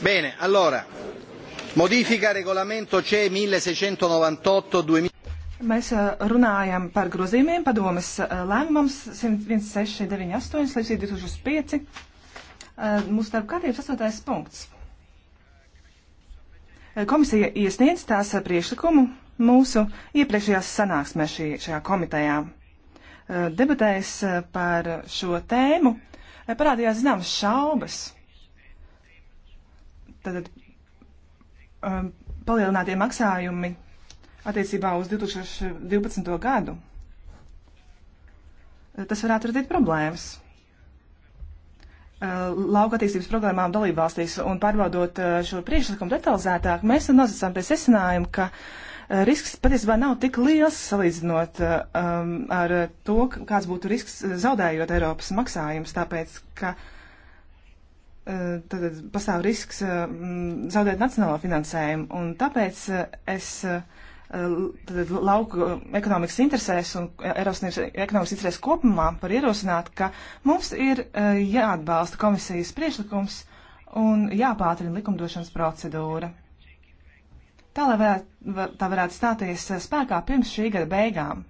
Bene, allora, modifica regolamento CE 1698-2000. Mēs eh, runājam par grozījumiem padomes lēmumams 1698 līdz 2005. Mūsu starp kārtības astotais punkts. Eh, komisija iesniedz tās eh, priekšlikumu mūsu iepriekšējās sanāksmēs šī, šajā komitejā. Debatēs par šo tēmu parādījās zināmas šaubas Tātad um, palielinātie maksājumi attiecībā uz 2012. gadu. Eh, tas varētu radīt problēmas eh, lauka attīstības programmām dalībvalstīs un pārbaudot eh, šo priekšlikumu detalizētāk, mēs nonācām pie secinājuma, ka risks patiesībā nav tik liels salīdzinot um, ar to, kāds būtu risks zaudējot Eiropas maksājumus, tāpēc, ka uh, Eh, tad pastāv risks eh, zaudēt nacionālo finansējumu, un tāpēc eh, es tad, lauku ekonomikas interesēs un Eiropas ekonomikas interesēs kopumā par ierosināt, ka mums ir jāatbalsta komisijas priešlikums un jāpātrina likumdošanas procedūra. Tā, lai varētu, var, tā varētu stāties spēkā pirms šī gada beigām,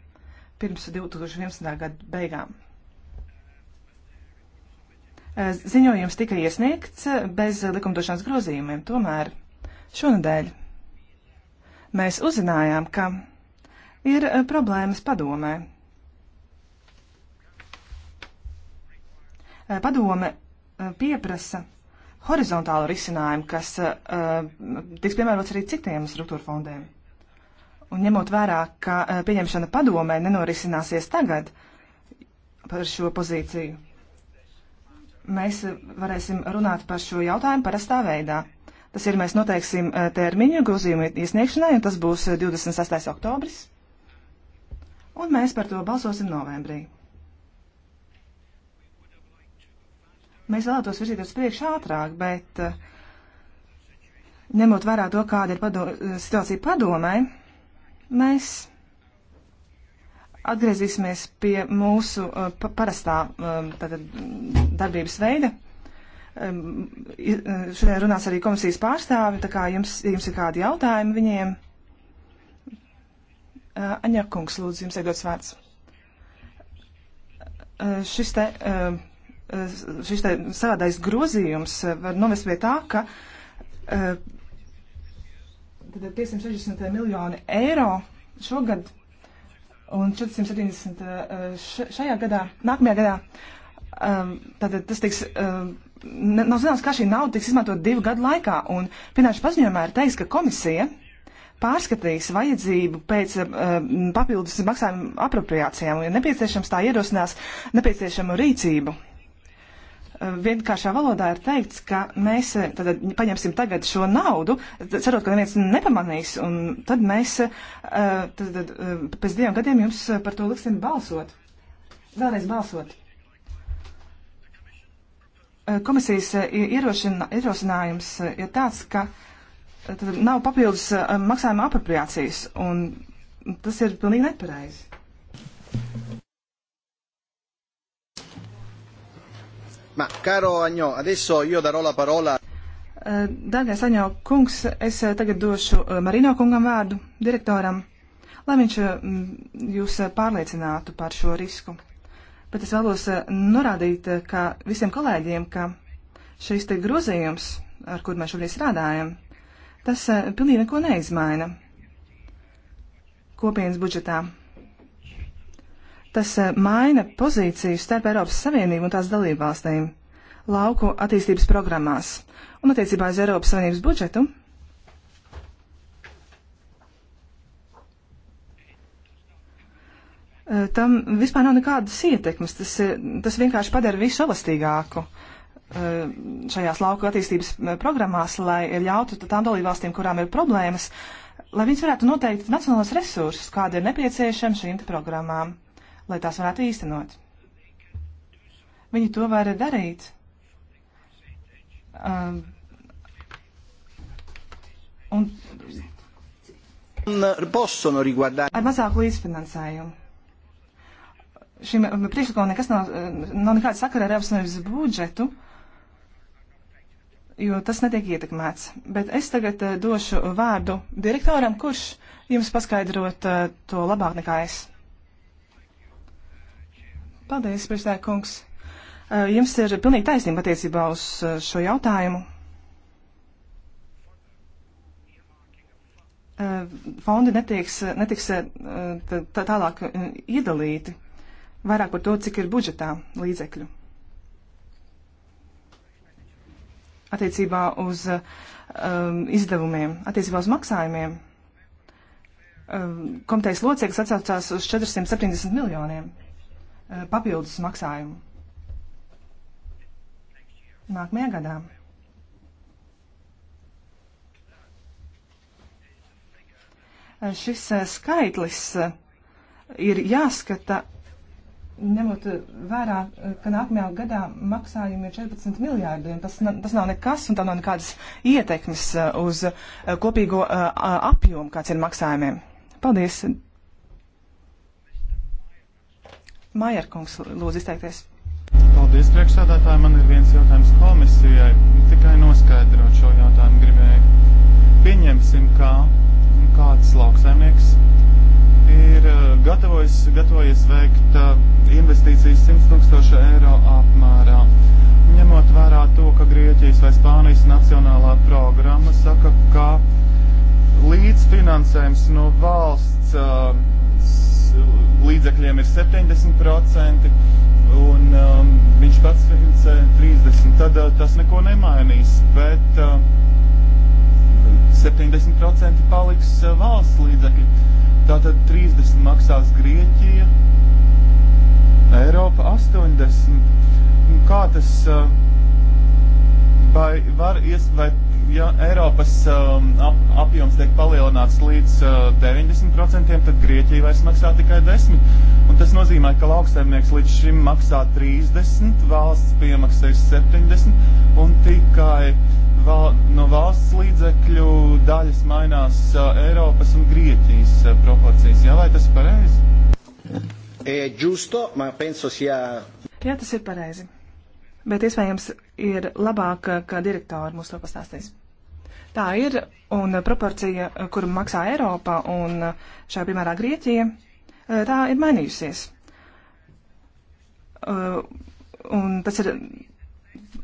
pirms 2011. gada beigām. Eh, ziņojums tika iesniegts eh, bez likumdošanas grozījumiem, tomēr šonadēļ mēs uzzinājām, ka ir eh, problēmas padomē. Padome pieprasa horizontālu risinājumu, kas tiks piemērots arī citiem struktūra fondiem. Un ņemot vērā, ka pieņemšana padomē nenorisināsies tagad par šo pozīciju, mēs varēsim runāt par šo jautājumu parastā veidā. Tas ir, mēs noteiksim eh, termiņu grozījumu iesniegšanai, un tas būs 26. Eh, oktobris. Un mēs par to balsosim novembrī. Mēs vēlētos virzīties priekš ātrāk, bet eh, ņemot vērā to, kāda ir pado situācija padomē, mēs Atgriezīsimies pie mūsu uh, pa parastā um, tātad, darbības veida. Um, uh, šodien runās arī komisijas pārstāvi, tā kā jums, jums ir kādi jautājumi viņiem. Uh, Aņakungs, lūdzu, jums ir dots vārds. Šis te, um, šis te savādais grozījums var novest pie tā, ka 560 miljoni eiro šogad un 470 eh, šajā gadā, nākamajā gadā. Um, ehm, tātad tas tiks. Um, Nav zināms, kā šī nauda tiks izmantot divu gadu laikā, un finanšu paziņojumā ir teiks, ka komisija pārskatīs vajadzību pēc uh, papildus maksājumu apropriācijām, un, ja nepieciešams, tā ierosinās nepieciešamu rīcību vienkāršā valodā ir teikts, ka mēs eh, tad paņemsim tagad šo naudu, cerot, ka neviens nepamanīs, un tad mēs eh, tad, tad, eh, pēc diviem gadiem jums par to liksim balsot. Vēlreiz balsot. Komisijas ierosina, ierosinājums ir tāds, ka tad nav papildus maksājuma apropriācijas, un tas ir pilnīgi nepareizi. Ma, caro Agnò, adesso io darò la parola. Eh, Dārgais Aņo kungs, es eh, tagad došu eh, Marino kungam vārdu, direktoram, lai viņš jūs pārliecinātu par šo risku. Bet es vēlos norādīt ka visiem kolēģiem, ka šis te grozījums, ar kur mēs šobrīd strādājam, tas pilnīgi neko neizmaina kopienas budžetā. Tas eh, maina pozīciju starp Eiropas Savienību un tās dalībvalstīm lauku attīstības programmās un attiecībā uz Eiropas Savienības budžetu. Eh, tam vispār nav nekādas ietekmes. Tas, eh, tas vienkārši padara visu elastīgāku šajās lauku attīstības programmās, lai ļautu tām dalībvalstīm, kurām ir problēmas, lai viņas varētu noteikt nacionālos resursus, kāda ir nepieciešama šīm programmām lai tās varētu īstenot. Viņi to var darīt. Um, un possono riguardare. Ar mazāku līdzfinansējumu. Šim um, priekšlikumam nekas nav, um, nav nekāda sakara ar Eiropas Savienības budžetu, jo tas netiek ietekmēts. Bet es tagad uh, došu vārdu direktoram, kurš jums paskaidrot uh, to labāk nekā es. Paldies, priekšsēkungs. Eh, jums ir pilnīgi taisnība attiecībā uz eh, šo jautājumu. Eh, fondi netiks, netiks tālāk iedalīti vairāk par to, cik ir budžetā līdzekļu. Attiecībā uz um, izdevumiem, attiecībā uz maksājumiem. Um, komitejas loceklis atsaucās uz 470 miljoniem. Eh, papildus maksājumu nākamajā gadā. Eh, šis eh, skaitlis ir jāskata, ņemot vērā, ka nākamajā gadā maksājumi ir 14 miljārdi, un tas, tas nav nekas, un tam nav nekādas ietekmes uz kopīgo apjomu, kāds ir maksājumiem. Paldies! Mājarkungs lūdzu izteikties. Paldies, priekšsādātāji. Man ir viens jautājums komisijai. Tikai noskaidrot šo jautājumu gribēju. Pieņemsim, ka kāds lauksaimnieks ir uh, gatavojis, gatavojies veikt uh, investīcijas 100 tūkstošu eiro apmērā. Ņemot vērā to, ka Grieķijas vai Spānijas nacionālā programma saka, ka līdzfinansējums no valsts uh, līdzekļiem ir 70%, un um, viņš pats finansē 30%, tad uh, tas neko nemainīs. Bet uh, um, 70% paliks uh, valsts līdzekļi. Tātad 30% maksās Grieķija, Eiropa 80%. Un kā tas? Uh, vai var ies, vai ja Eiropas um, ap, apjoms tiek palielināts līdz uh, 90%, tad Grieķija vairs maksā tikai 10%. Un tas nozīmē, ka lauksaimnieks līdz šim maksā 30%, valsts piemaksa ir 70% un tikai val, no valsts līdzekļu daļas mainās uh, Eiropas un Grieķijas uh, proporcijas. Jā, vai tas pareizi? E, giusto, ma penso sia... Jā, tas ir pareizi bet iespējams ir labāk, ka direktori mums to pastāstīs. Tā ir, un proporcija, kuru maksā Eiropa un šajā piemērā Grieķija, tā ir mainījusies. Uh, un tas ir,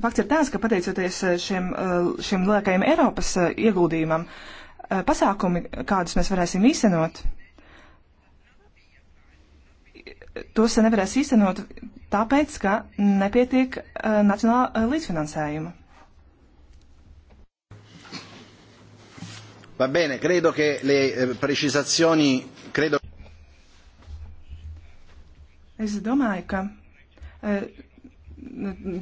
fakts ir tāds, ka pateicoties šiem, uh, šiem lielākajiem Eiropas uh, ieguldījumam, pasākumi, kādus mēs varēsim īstenot, tos nevarēs īstenot tāpēc, ka nepietiek uh, nacionālā uh, līdzfinansējuma. Va bene, credo che le eh, precisazioni. Credo... Es domāju, ka uh,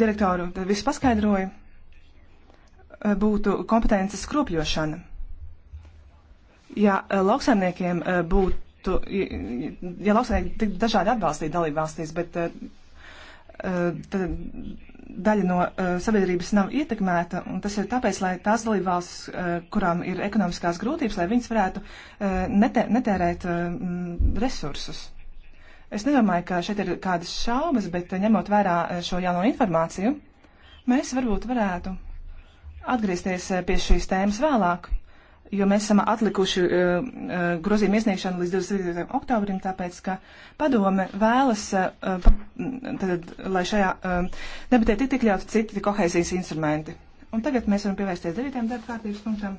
direktoru visu paskaidroju. Uh, būtu kompetences skropļošana. Ja uh, lauksaimniekiem uh, būtu, ja, ja lauksaimnieki tik dažādi atbalstīja dalībvalstīs, bet uh, Uh, daļa no uh, sabiedrības nav ietekmēta, un tas ir tāpēc, lai tās dalībvalstis, uh, kurām ir ekonomiskās grūtības, lai viņas varētu uh, netē, netērēt uh, resursus. Es nedomāju, ka šeit ir kādas šaubas, bet uh, ņemot vērā uh, šo jauno informāciju, mēs varbūt varētu atgriezties uh, pie šīs tēmas vēlāk, jo mēs esam atlikuši uh, grozījumu iesniegšanu līdz 22. oktobrim, tāpēc, ka padome vēlas, uh, tad, lai šajā uh, debatē tik iekļautu citi kohēzijas instrumenti. Un tagad mēs varam pievērsties 9. darba kārtības punktam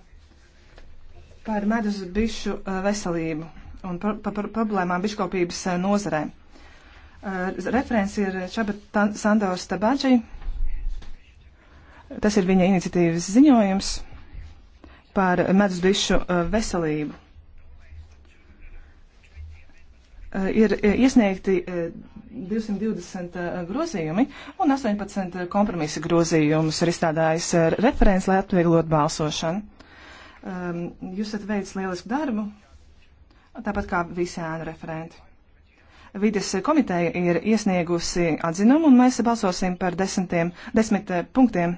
par medus bišu uh, veselību un par, par, par problēmām biškopības uh, nozarē. Uh, referents ir Čabata Sandors Tabaģi. Tas ir viņa iniciatīvas ziņojums par medusbišu uh, veselību. Uh, ir uh, iesniegti 220 grozījumi un 18 kompromisa grozījumus ir izstrādājis referents, lai atvieglotu balsošanu. Um, jūs esat veicis lielisku darbu, tāpat kā visi ēnu referenti. Vides komiteja ir iesniegusi atzinumu, un mēs balsosim par desmitiem, desmit punktiem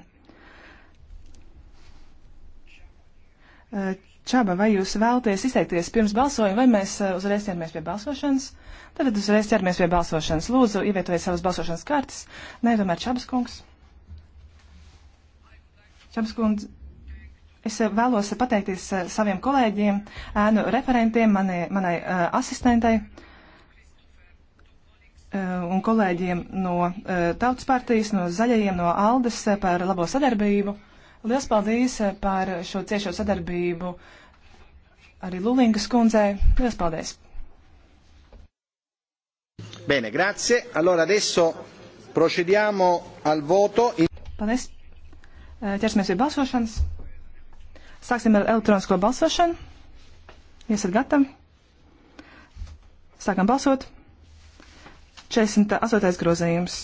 Čaba, vai jūs vēlaties izteikties pirms balsojuma, vai mēs eh, uzreiz ķeramies pie balsošanas? Tad uzreiz ķeramies pie balsošanas. Lūdzu, ievietojiet savas balsošanas kartes. Nē, tomēr Čabas kungs. Čabas kungs, es eh, vēlos pateikties eh, saviem kolēģiem, ēnu referentiem, mani, manai uh, asistentei un kolēģiem no Tautas partijas, no Zaļajiem, no Aldes par labo sadarbību. Lielas paldies eh, par šo ciešo sadarbību arī Lulingas kundzei. Lielas paldies! Bene, grazie. Allora adesso procediamo al voto. In... Paldies. Eh, ķersimies pie balsošanas. Sāksim ar elektronisko balsošanu. Iesat gatavi. Sākam balsot. 48. grozējums.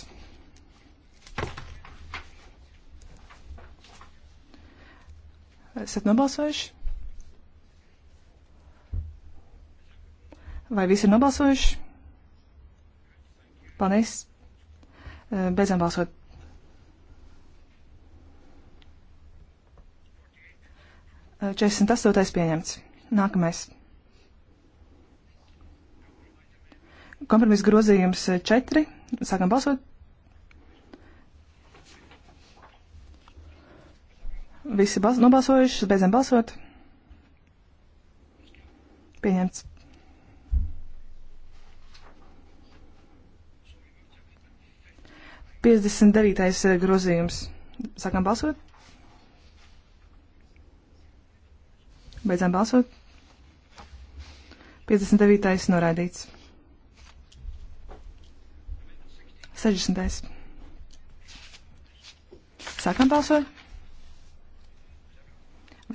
Esat nobalsojuši? Vai visi ir nobalsojuši? Paldies! E, beidzam balsot. 48. E, pieņemts. Nākamais. Kompromiss grozījums 4. Sākam balsot. Visi bas, nobalsojuši, beidzam balsot. Pieņemts. Piecdesmit devītais eh, grozījums. Sākam balsot. Beidzam balsot. 59. noraidīts. 60. Sākam balsot.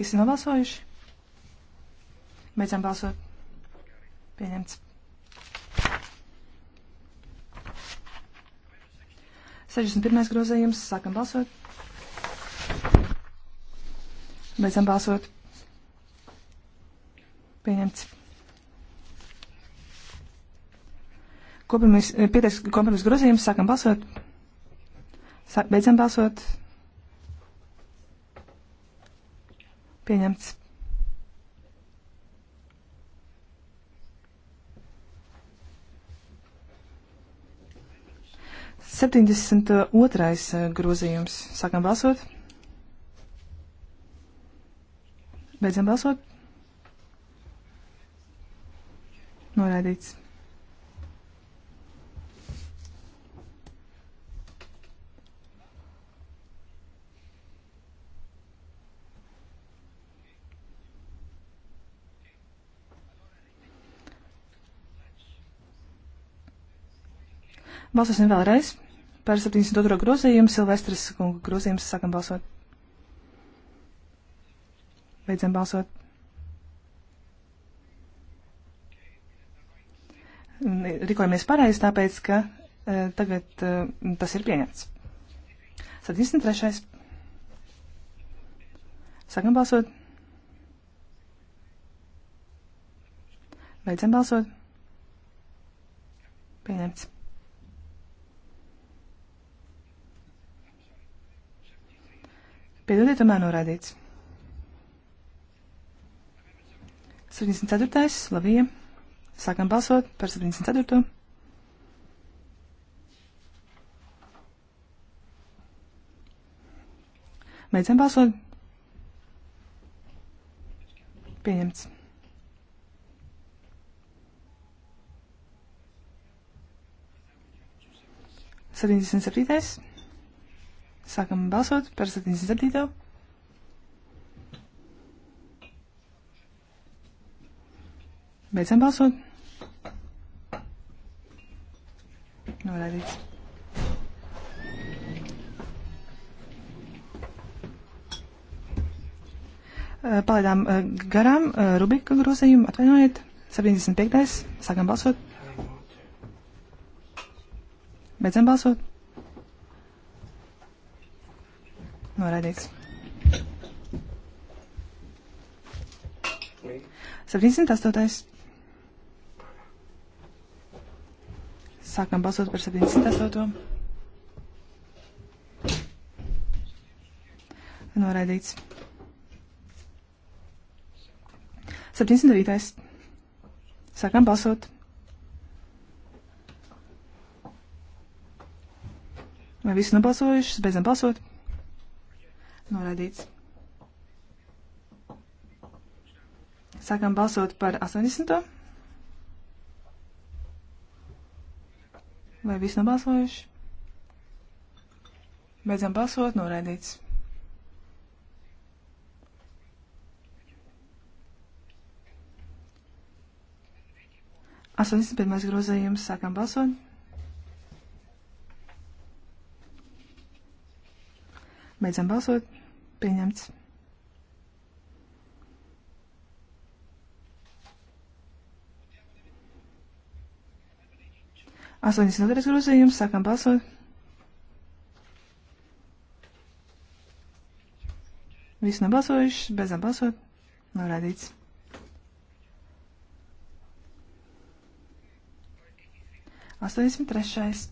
Visi nobalsojuši? Beidzam balsot. Pieņemts. 61. grozījums. Sākam balsot. Beidzam balsot. Pieņemts. Kompromis, eh, pietais kompromis grozījums. Sākam balsot. Sāk, beidzam balsot. Pieņemts. Septiņdesmit otrais eh, grozījums. Sākam balsot. Beidzam balsot. Noraidīts. Balsosim vēlreiz par 72. grozījumu. Silvestris kunga grozījums. Sākam balsot. Beidzam balsot. Rīkojamies pareizi, tāpēc, ka e, tagad e, tas ir pieņemts. 73. Sākam balsot. Beidzam balsot. Pieņemts. Piedodiet, tomēr norādīts. 74. Slavija. Sākam balsot par 74. Beidzam balsot. Pieņemts. Septiņdesmit septītais. Sākam balsot par 77. Beidzam balsot. Norādīts. Eh, palaidām eh, garām eh, Rubika grozījumu, atvainojiet, 75. sākam balsot. Beidzam balsot. Norādīts. 78. Sākam balsot par 78. Noraidīts. 79. Sākam balsot. Vai visi nobalsojuši? Beidzam balsot. Noraidīts. Sākam balsot par 80. Vai viss nobalsojuši? Beidzam balsot, noraidīts. Astoņdesmit pirmais grozījums, sākam balsot. Beidzam balsot. Pieņemts. Astoņas nedēļas grozījums, sākam balsot. Visi nobalsojuši, beidzam balsot. Norādīts. Astoņdesmit trešais.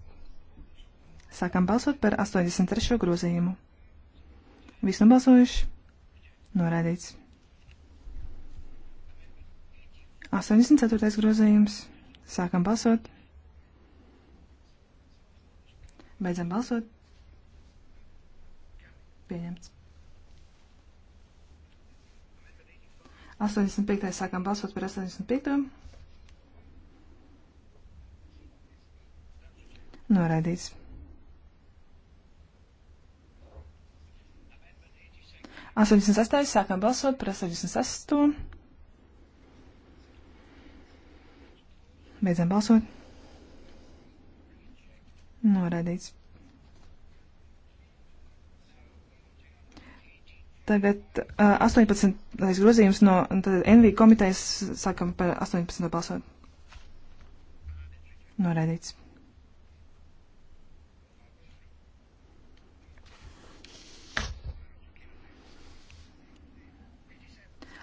Sākam balsot par 83. grozījumu. Viss nobalsojuši? Norādīts. 84. grozījums. Sākam balsot. Beidzam balsot. Pieņemts. 85. sākam balsot par 85. Noraidīts. 88. sākam balsot par 88. Beidzam balsot. Noraidīts. Tagad uh, 18. grozījums no NV komitejas sākam par 18. balsot. Noraidīts.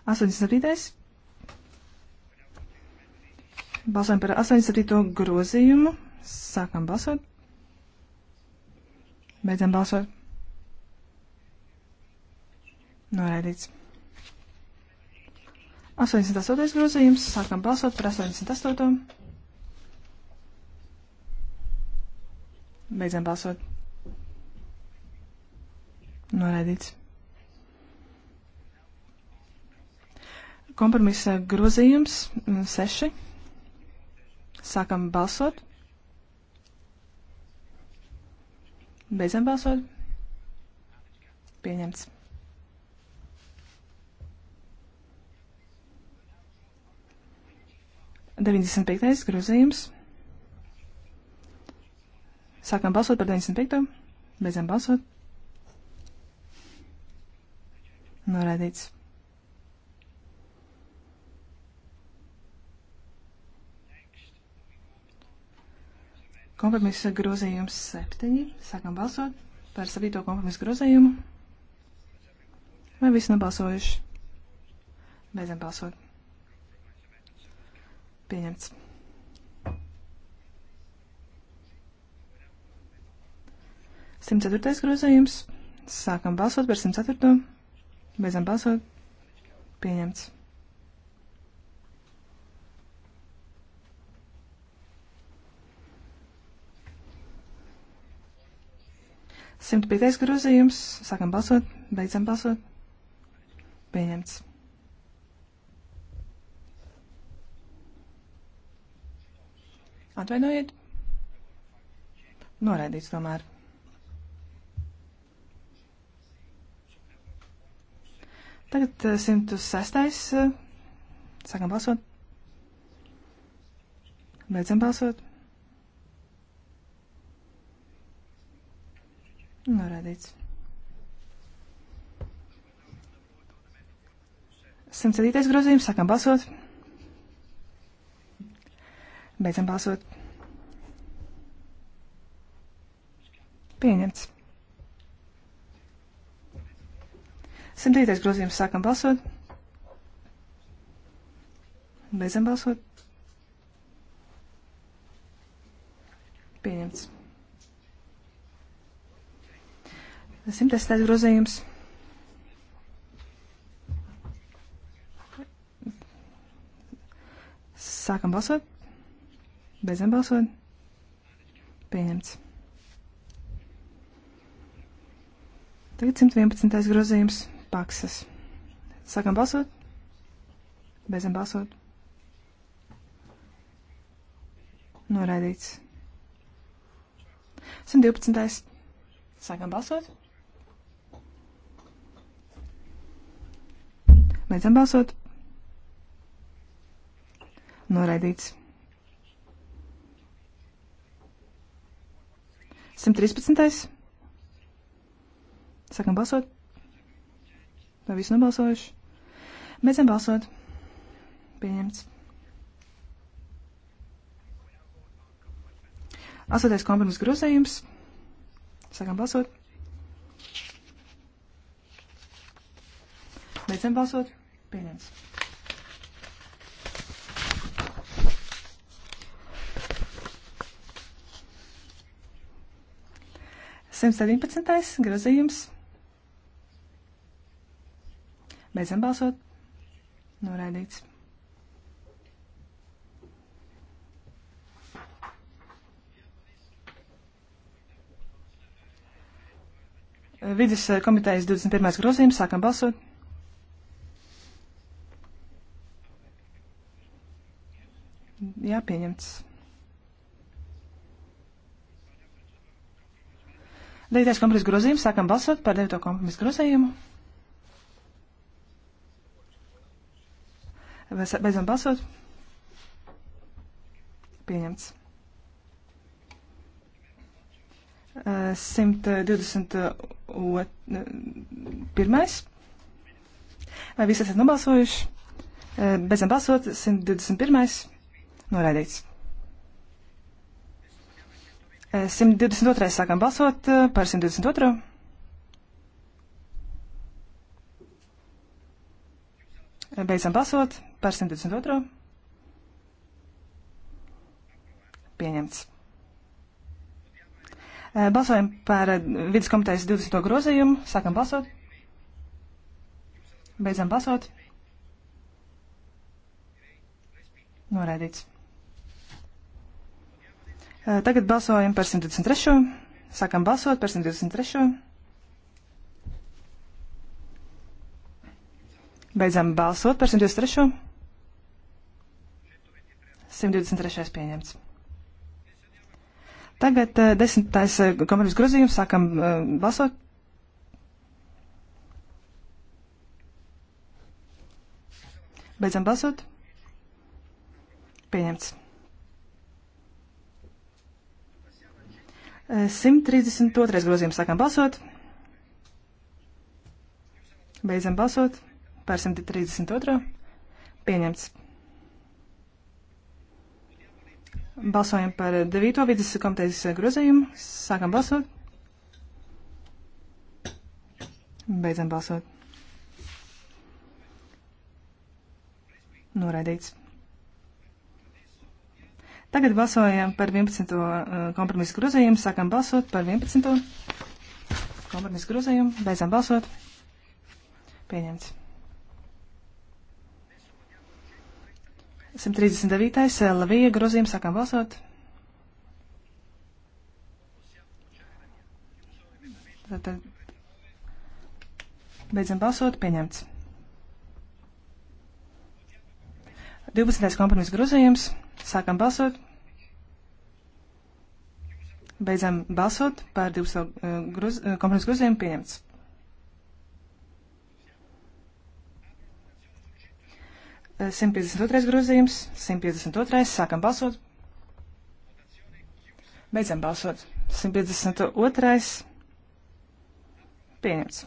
87. Balsojam par 87. grozījumu. Sākam balsot. Beidzam balsot. Noraidīts. 88. grozījums. Sākam balsot par 88. Beidzam balsot. Noraidīts. Kompromisa grozījums 6. Mm, Sākam balsot. Beidzam balsot. Pieņemts. Deviņdesmit piektais grozījums. Sākam balsot par 95. Beidzam balsot. Norādīts. Kompromisa grozījums 7. Sākam balsot par 7. kompromisa grozījumu. Vai visi nobalsojuši? Beidzam balsot. Pieņemts. Simt ceturtais grozījums. Sākam balsot par simt ceturto. Beidzam balsot. Pieņemts. 105. grozījums. Sākam balsot, beidzam balsot. Pieņemts. Atvainojiet. Noraidīts tomēr. Tagad 106. Eh, eh, sākam balsot. Beidzam balsot. Norādīts. 107. grozījums. Sākam balsot. Beidzam balsot. Pieņemts. 109. grozījums. Sākam balsot. Beidzam balsot. 110. grozījums. Sākam balsot. Beidzam balsot. Pieņemts. Tagad 111. grozījums paksas. Sākam balsot. Beidzam balsot. Noraidīts. 112. Sākam balsot. Beidzam balsot. Noraidīts. 113. Sākam balsot. Vai visi nobalsojuši? Beidzam balsot. Pieņemts. Asoties kompromis grozējums. Sākam balsot. Beidzam balsot. Pieņemts. Simt septiņpadsmitais grozījums. Beidzam balsot. Noraidīts. Vides komitejas 21. grozījums. Sākam balsot. Jā, pieņemts. 9. kompromisa grozījums. Sākam balsot par 9. kompromisa grozījumu. Beidzam balsot. Pieņemts. 121. Eh, Vai visi esat nobalsojuši? Eh, beidzam balsot. 121. Noraidīts. 122. Eh, sākam balsot eh, par 122. Eh, beidzam balsot par 122. Pieņemts. Balsojam par vidaskomitejas 20. grozījumu. Sākam balsot. Beidzam balsot. Noraidīts. Tagad balsojam par 123. Sākam balsot par 123. Beidzam balsot par 123. 123. pieņemts. Tagad desmitais kompromiss grozījums. Sākam balsot. Beidzam balsot. Pieņemts. 132. grozījums sākam balsot. Beidzam balsot par 132. Pieņemts. Balsojam par 9. vidas komitejas grozījumu. Sākam balsot. Beidzam balsot. Noraidīts. Tagad balsojam par 11. Uh, kompromisu grozījumu. Sākam balsot par 11. kompromisu grozījumu. Beidzam balsot. Pieņemts. 139. Uh, Lavija grozījums. Sākam balsot. Tātad beidzam balsot. Pieņemts. 12. kompromisu grozījums. Sākam balsot. Beidzam balsot par 200 eh, gruz, eh, kompromisu grozījumu pieņemts. Eh, simt piecdesmit otrais grozījums, simt piecdesmit otrais, sākam balsot. Beidzam balsot. 152. Pieņemts.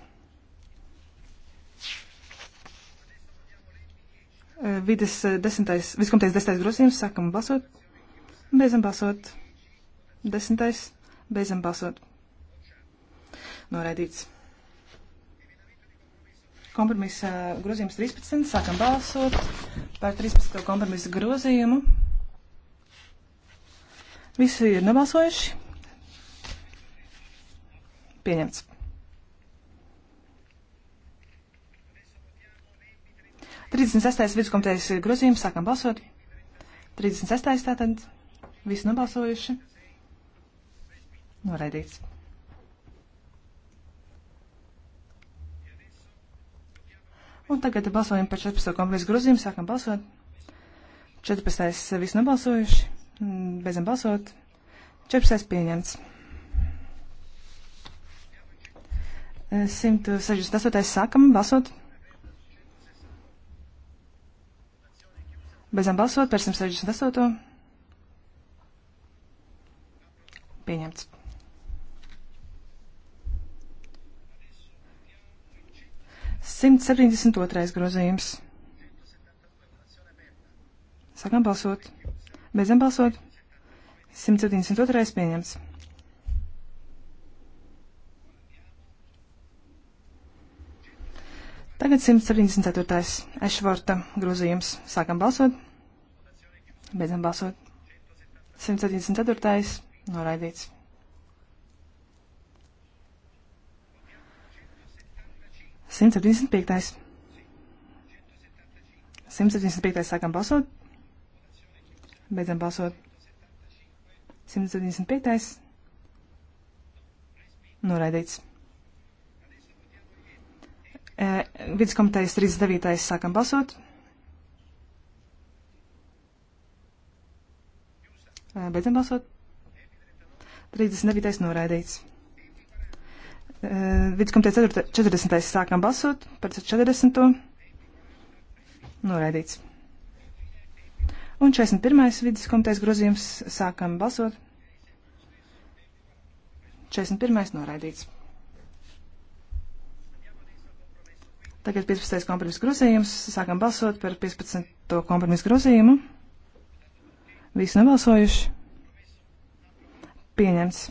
Vides desmitais, viskumtais desmitais grozījums, sākam balsot. Beidzam balsot. Desmitais. Beidzam balsot. Noraidīts. Kompromisa grozījums 13. Sākam balsot par 13. kompromisa grozījumu. Visi ir nobalsojuši. Pieņemts. Trīsdesmit sestais viduskomitejas grozījums. Sākam balsot. 36. tātad. Visi nobalsojuši. Noraidīts. Un tagad balsojam par 14. kompromisu grozījumu. Sākam balsot. 14. Eh, viss nobalsojuši. Mm, beidzam balsot. 14. pieņemts. 168. Eh, sākam balsot. Beidzam balsot par 168. Pieņemts. 172. grozījums. Sākam balsot. Beidzam balsot. 172. pieņemts. Tagad 174. Ešvorta grozījums. Sākam balsot. Beidzam balsot. 174. noraidīts. 175. 175. sākam balsot. Beidzam balsot. 175. Noraidīts. E, Viduskomitejas 39. sākam balsot. E, beidzam balsot. 39. noraidīts. Eh, viduskomiteja 40. sākam balsot par 40. Noraidīts. Un 41. viduskomitejas grozījums sākam balsot. 41. noraidīts. Tagad 15. kompromisa grozījums. Sākam balsot par 15. kompromisa grozījumu. Visi nobalsojuši. Pieņemts.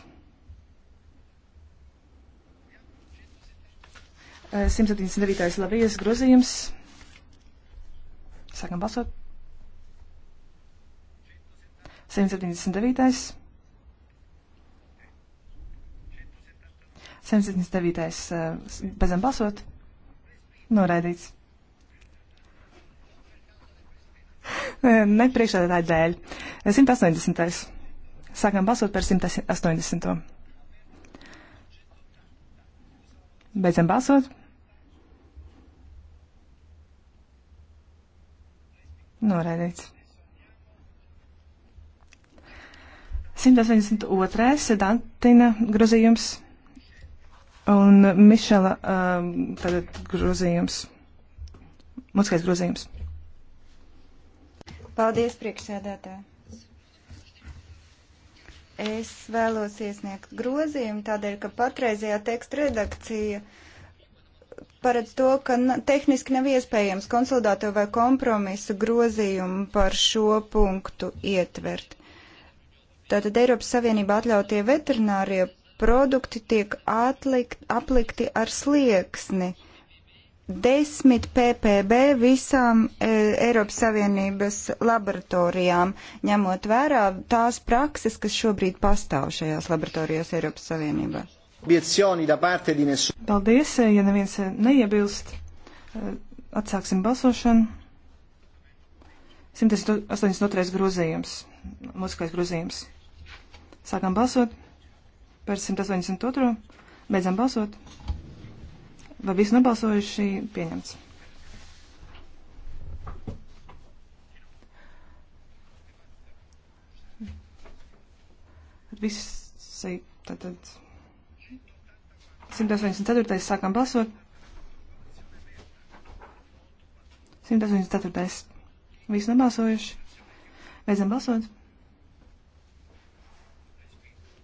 179. Eh, Lavijas grozījums. Sākam balsot. 179. 179. Beidzam balsot. Noraidīts. ne priekšādātāja dēļ. 180. Eh, Sākam balsot par 180. Beidzam balsot. Noraidīts. 182. Dantina grozījums un Mišela um, tātad grozījums. Mūskais grozījums. Paldies, priekšsēdētāji. Es vēlos iesniegt grozījumu tādēļ, ka patreizajā teksta redakcija paredz to, ka tehniski nav iespējams konsolidāto vai kompromisu grozījumu par šo punktu ietvert. Tātad Eiropas Savienība atļautie veterinārie produkti tiek atlikt, aplikti ar slieksni. Uh, desmit ppb visām e, Eiropas Savienības laboratorijām, ņemot vērā tās prakses, kas šobrīd pastāv šajās laboratorijās Eiropas Savienībā. Paldies, e, ja neviens e, neiebilst. E, atsāksim balsošanu. 182. grozījums, mūzikais grozījums. Sākam balsot par 182. Beidzam balsot. Vai visi nobalsojuši pieņemts? Visi, tātad 184. sākam balsot. 184. Visi nobalsojuši. Beidzam balsot.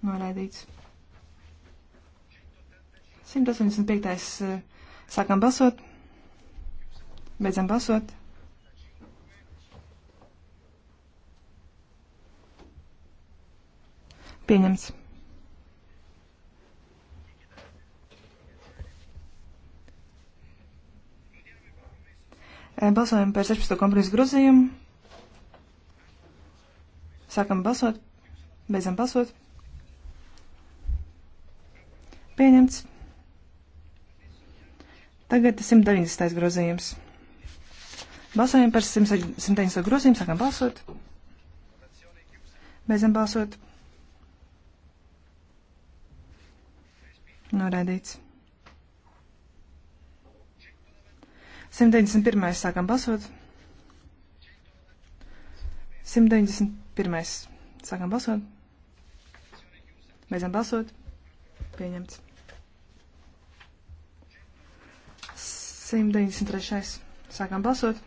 Noraidīts. 185. Sākam balsot. Beidzam balsot. Pieņemts. Balsojam par 16. kompromisu grozījumu. Sākam balsot. Beidzam balsot. Pieņemts. Tagad 190. grozījums. Balsojam par 190. grozījumu, sākam balsot. Beidzam balsot. Noraidīts. 191. sākam balsot. 191. sākam balsot. Beidzam balsot. Pieņemts. 193. Sākam balsot.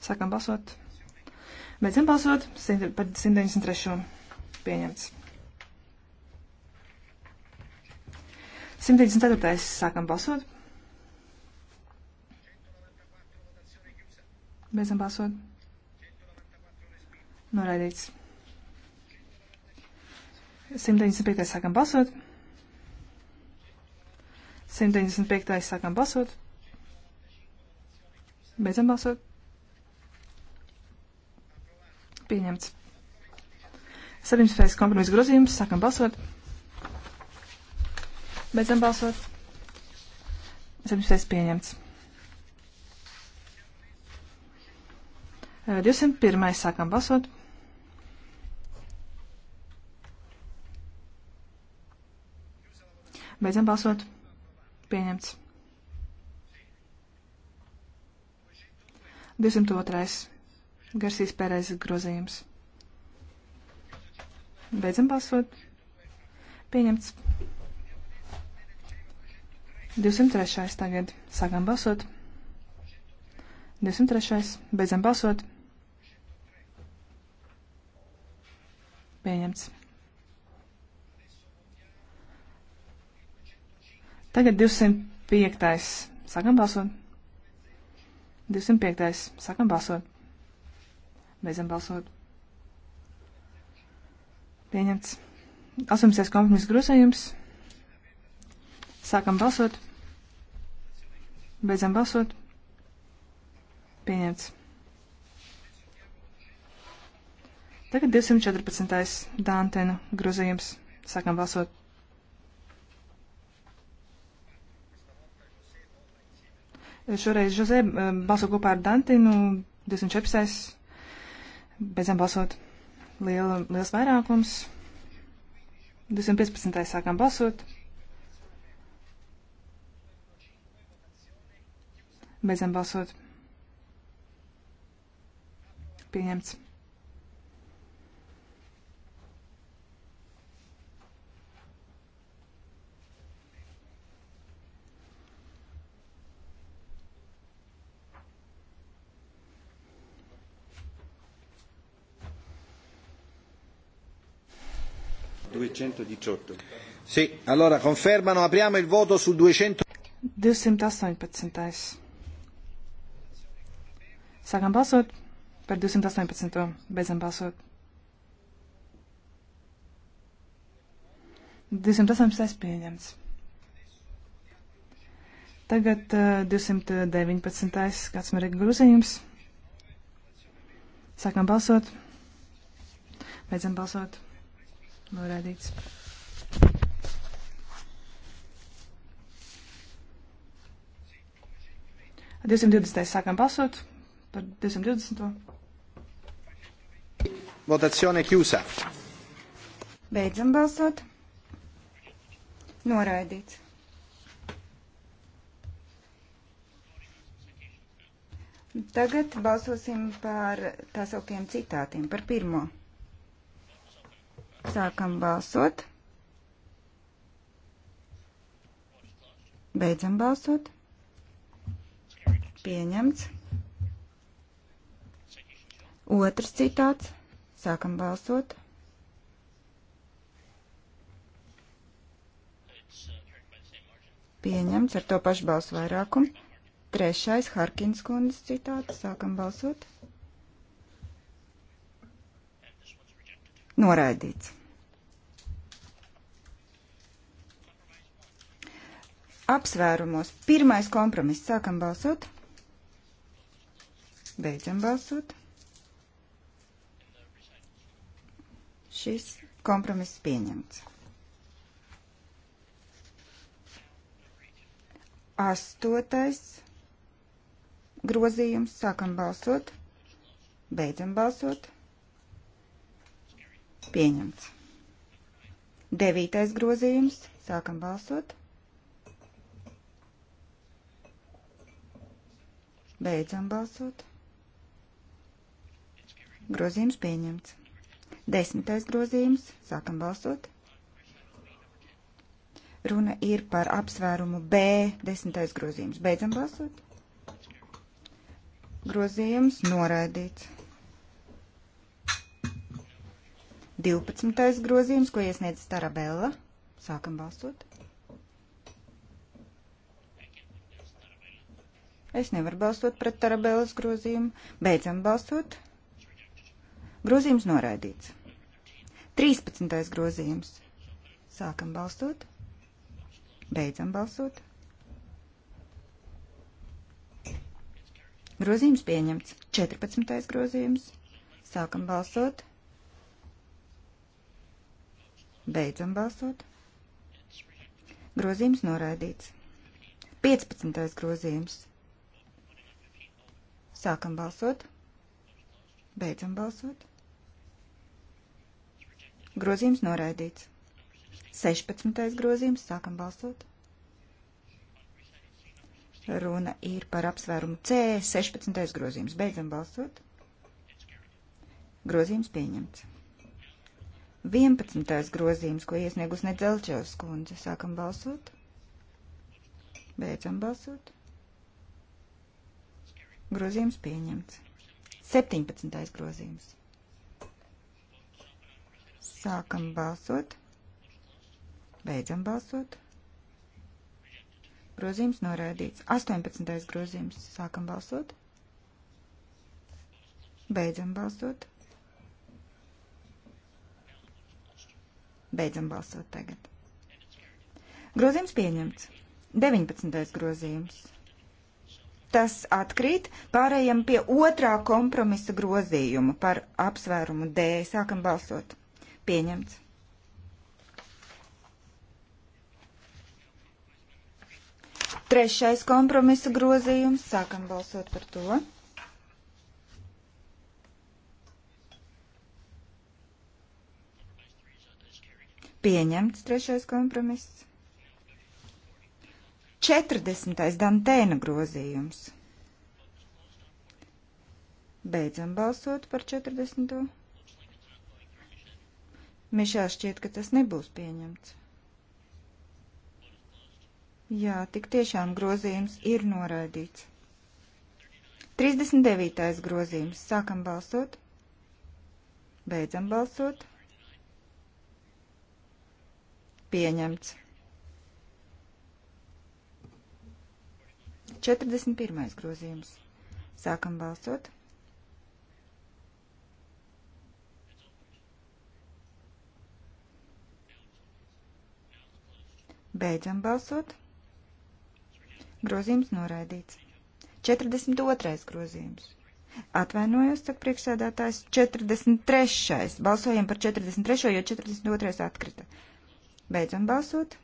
Sākam balsot. Beidzam balsot par 193. Pieņemts. 194. Sākam balsot. Beidzam balsot. Noraidīts. 195. Sākam balsot. 195. sākam balsot. Beidzam balsot. Pieņemts. 17. kompromisa grozījums. Sākam balsot. Beidzam balsot. 17. pieņemts. 201. sākam balsot. Beidzam balsot. Pieņemts. 202. Garsīs pēreizes grozījums. Beidzam balsot. Pieņemts. 203. tagad. Sākam balsot. 203. Beidzam balsot. Pieņemts. Tagad 205. Sākam balsot. 205. Sākam balsot. Beidzam balsot. Pieņemts. 18. kompromiss grozējums. Sākam balsot. Beidzam balsot. Pieņemts. Tagad 214. Dāntena grozījums. Sākam balsot. Šoreiz Žozē eh, balso kopā ar Dantinu 214. Beidzam balsot. Liela, liels vairākums. 215. sākām balsot. Beidzam balsot. Pieņemts. 218. Sì, allora confermano, apriamo il voto sul 200. 218. Sākam balsot par 218. Beidzam balsot. 218. pieņemts. Tagad uh, 219. kāds man ir grūzījums. Sākam balsot. Beidzam balsot. Norādīts. Ar 220. sākam balsot par 220. Votazione chiusa. Beidzam balsot. Noraidīts. Tagad balsosim par tā sauktiem citātiem, par pirmo. Sākam balsot. Beidzam balsot. Pieņemts. Otrs citāts. Sākam balsot. Pieņemts ar to pašu balsu vairākumu. Trešais Harkins kundzes citāts. Sākam balsot. Noraidīts. apsvērumos. Pirmais kompromiss. Sākam balsot. Beidzam balsot. Šis kompromiss pieņemts. Astotais grozījums. Sākam balsot. Beidzam balsot. Pieņemts. Devītais grozījums. Sākam balsot. Beidzam balsot. Grozījums pieņemts. Desmitais grozījums. Sākam balsot. Runa ir par apsvērumu B. Desmitais grozījums. Beidzam balsot. Grozījums noraidīts. 12. grozījums, ko iesniedz Starabella. Sākam balsot. Es nevaru balsot pret Tarabēlas grozījumu. Beidzam balsot. Grozījums noraidīts. 13. grozījums. Sākam balsot. Beidzam balsot. Grozījums pieņemts. 14. grozījums. Sākam balsot. Beidzam balsot. Grozījums noraidīts. 15. grozījums. Sākam balsot. Beidzam balsot. Grozījums noraidīts. 16. grozījums. Sākam balsot. Runa ir par apsvērumu C. 16. grozījums. Beidzam balsot. Grozījums pieņemts. 11. grozījums, ko iesniegus Nedzelčevs kundze. Sākam balsot. Beidzam balsot. Grozījums pieņemts. 17. grozījums. Sākam balsot. Beidzam balsot. Grozījums noraidīts. 18. grozījums. Sākam balsot. Beidzam balsot. Beidzam balsot tagad. Grozījums pieņemts. 19. grozījums tas atkrīt. Pārējiem pie otrā kompromisa grozījuma par apsvērumu D. Sākam balsot. Pieņemts. Trešais kompromisa grozījums. Sākam balsot par to. Pieņemts trešais kompromiss. 40. Dantēna grozījums. Beidzam balsot par 40. Mišā šķiet, ka tas nebūs pieņemts. Jā, tik tiešām grozījums ir noraidīts. 39. grozījums. Sākam balsot. Beidzam balsot. Pieņemts. 41. grozījums. Sākam balsot. Beidzam balsot. Grozījums noraidīts. 42. grozījums. Atvainojos, saka priekšsēdētājs, 43. Balsojam par 43. jo 42. atkrita. Beidzam balsot.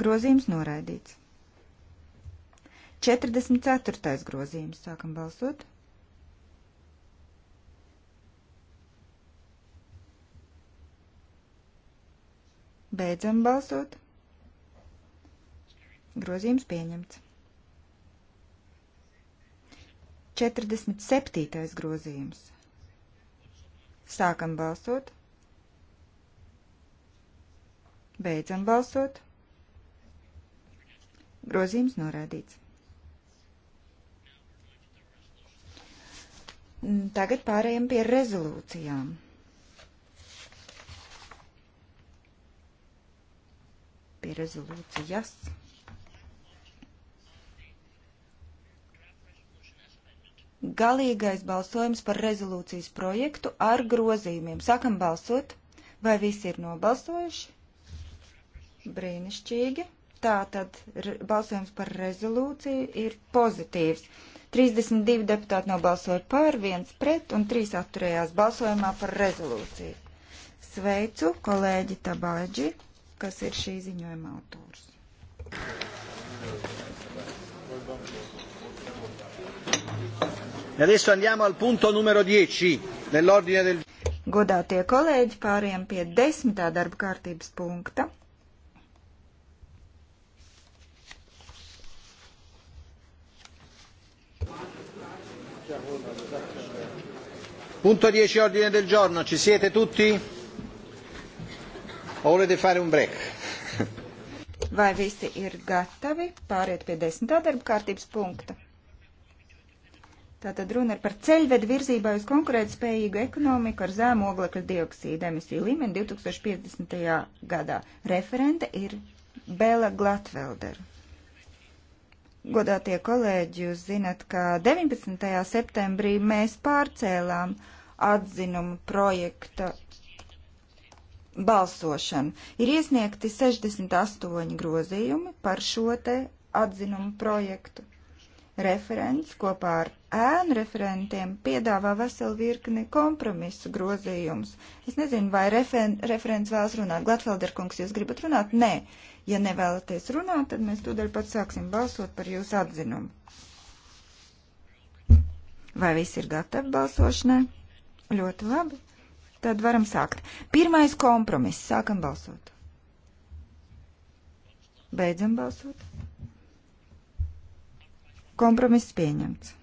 Grozījums noraidīts. 44. grozījums. Sākam balsot. Beidzam balsot. Grozījums pieņemts. 47. grozījums. Sākam balsot. Beidzam balsot. Grozījums norādīts. Tagad pārējiem pie rezolūcijām. Pie rezolūcijas. Galīgais balsojums par rezolūcijas projektu ar grozījumiem. Sākam balsot. Vai visi ir nobalsojuši? Brīnišķīgi. Tātad balsojums par rezolūciju ir pozitīvs. 32 deputāti nobalsoja par, viens pret un trīs atturējās balsojumā par rezolūciju. Sveicu kolēģi Tabāģi, kas ir šī ziņojuma autors. E adesso andiamo al punto numero 10 nell'ordine del Godātie kolēģi, pāriem pie desmitā darba kārtības punkta. Punto 10 ordine del giorno, ci siete tutti? O volete fare un break? Vai visi ir gatavi pāriet pie desmitā darba kārtības punkta. Tātad runa ir par ceļvedu virzībā uz konkurētspējīgu ekonomiku ar zēmu oglekļa dioksīda emisiju līmeni 2050. gadā. Referente ir Bela Glatvelder. Godātie kolēģi, jūs zinat, ka 19. septembrī mēs pārcēlām atzinumu projekta balsošanu. Ir iesniegti 68 grozījumi par šo te atzinumu projektu. Referents kopā ar ēnu referentiem piedāvā veselu virkni kompromisu grozījumus. Es nezinu, vai refer referents vēlas runāt. Glatfelderkungs, jūs gribat runāt? Nē. Ja nevēlaties runāt, tad mēs tūdaļ pat sāksim balsot par jūsu atzinumu. Vai viss ir gatavi balsošanai? Ļoti labi. Tad varam sākt. Pirmais kompromiss. Sākam balsot. Beidzam balsot. Kompromiss pieņemts.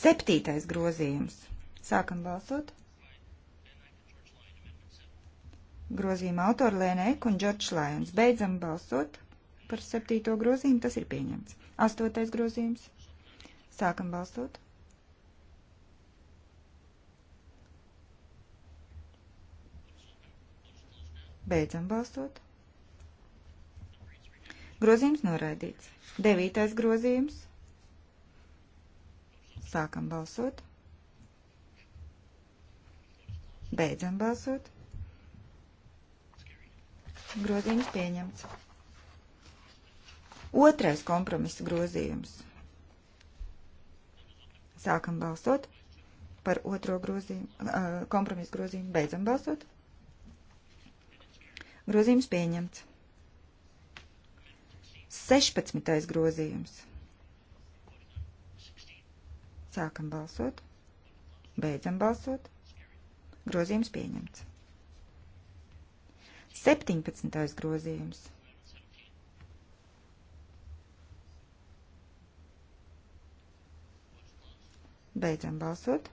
Septītais grozījums. Sākam balsot. Grozījuma autori Lēna Ek un Džordžs Lajons. Beidzam balsot par septīto grozījumu. Tas ir pieņemts. Astotais grozījums. Sākam balsot. Beidzam balsot. Grozījums noraidīts. Devītais grozījums. Sākam balsot. Beidzam balsot. Grozījums pieņemts. Otrais kompromisa grozījums. Sākam balsot par otro grozījumu, kompromisa grozījumu. Beidzam balsot. Grozījums pieņemts. 16. grozījums. Sākam balsot. Beidzam balsot. Grozījums pieņemts. 17. grozījums. Beidzam balsot.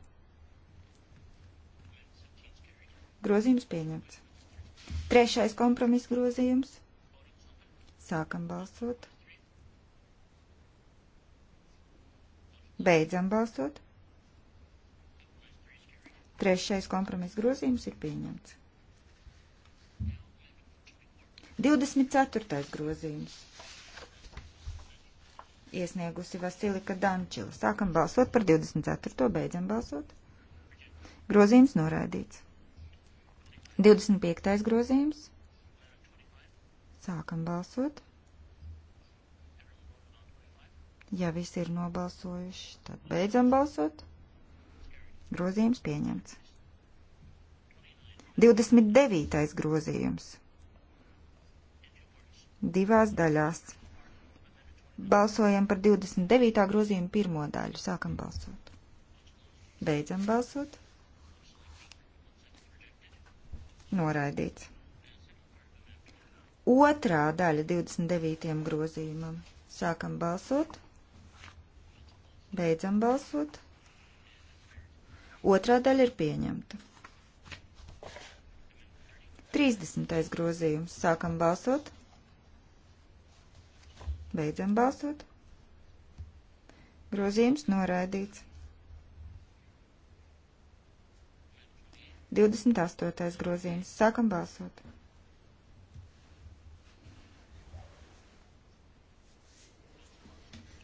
Grozījums pieņemts. Trešais kompromiss grozījums. Sākam balsot. Beidzam balsot. Trešais kompromiss grozījums ir pieņemts. 24. grozījums. Iesniegusi Vasilika Dančila. Sākam balsot par 24. beidzam balsot. Grozījums noraidīts. 25. grozījums. Sākam balsot. Ja visi ir nobalsojuši, tad beidzam balsot. Grozījums pieņemts. 29. grozījums. Divās daļās. Balsojam par 29. grozījumu pirmo daļu. Sākam balsot. Beidzam balsot. Noraidīts. Otrā daļa 29. grozījumam. Sākam balsot. Beidzam balsot. Otrā daļa ir pieņemta. 30. grozījums. Sākam balsot. Beidzam balsot. Grozījums noraidīts. 28. grozījums. Sākam balsot.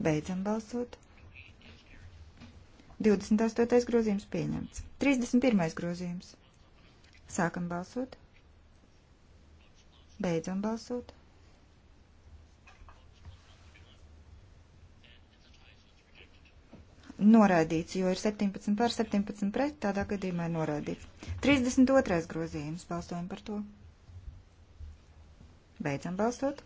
Beidzam balsot. 28. grozījums pieņemts. 31. grozījums. Sākam balsot. Beidzam balsot. Noraidīts, jo ir 17 pār 17 pret, tādā gadījumā ir noraidīts. 32. grozījums. Balsojam par to. Beidzam balsot.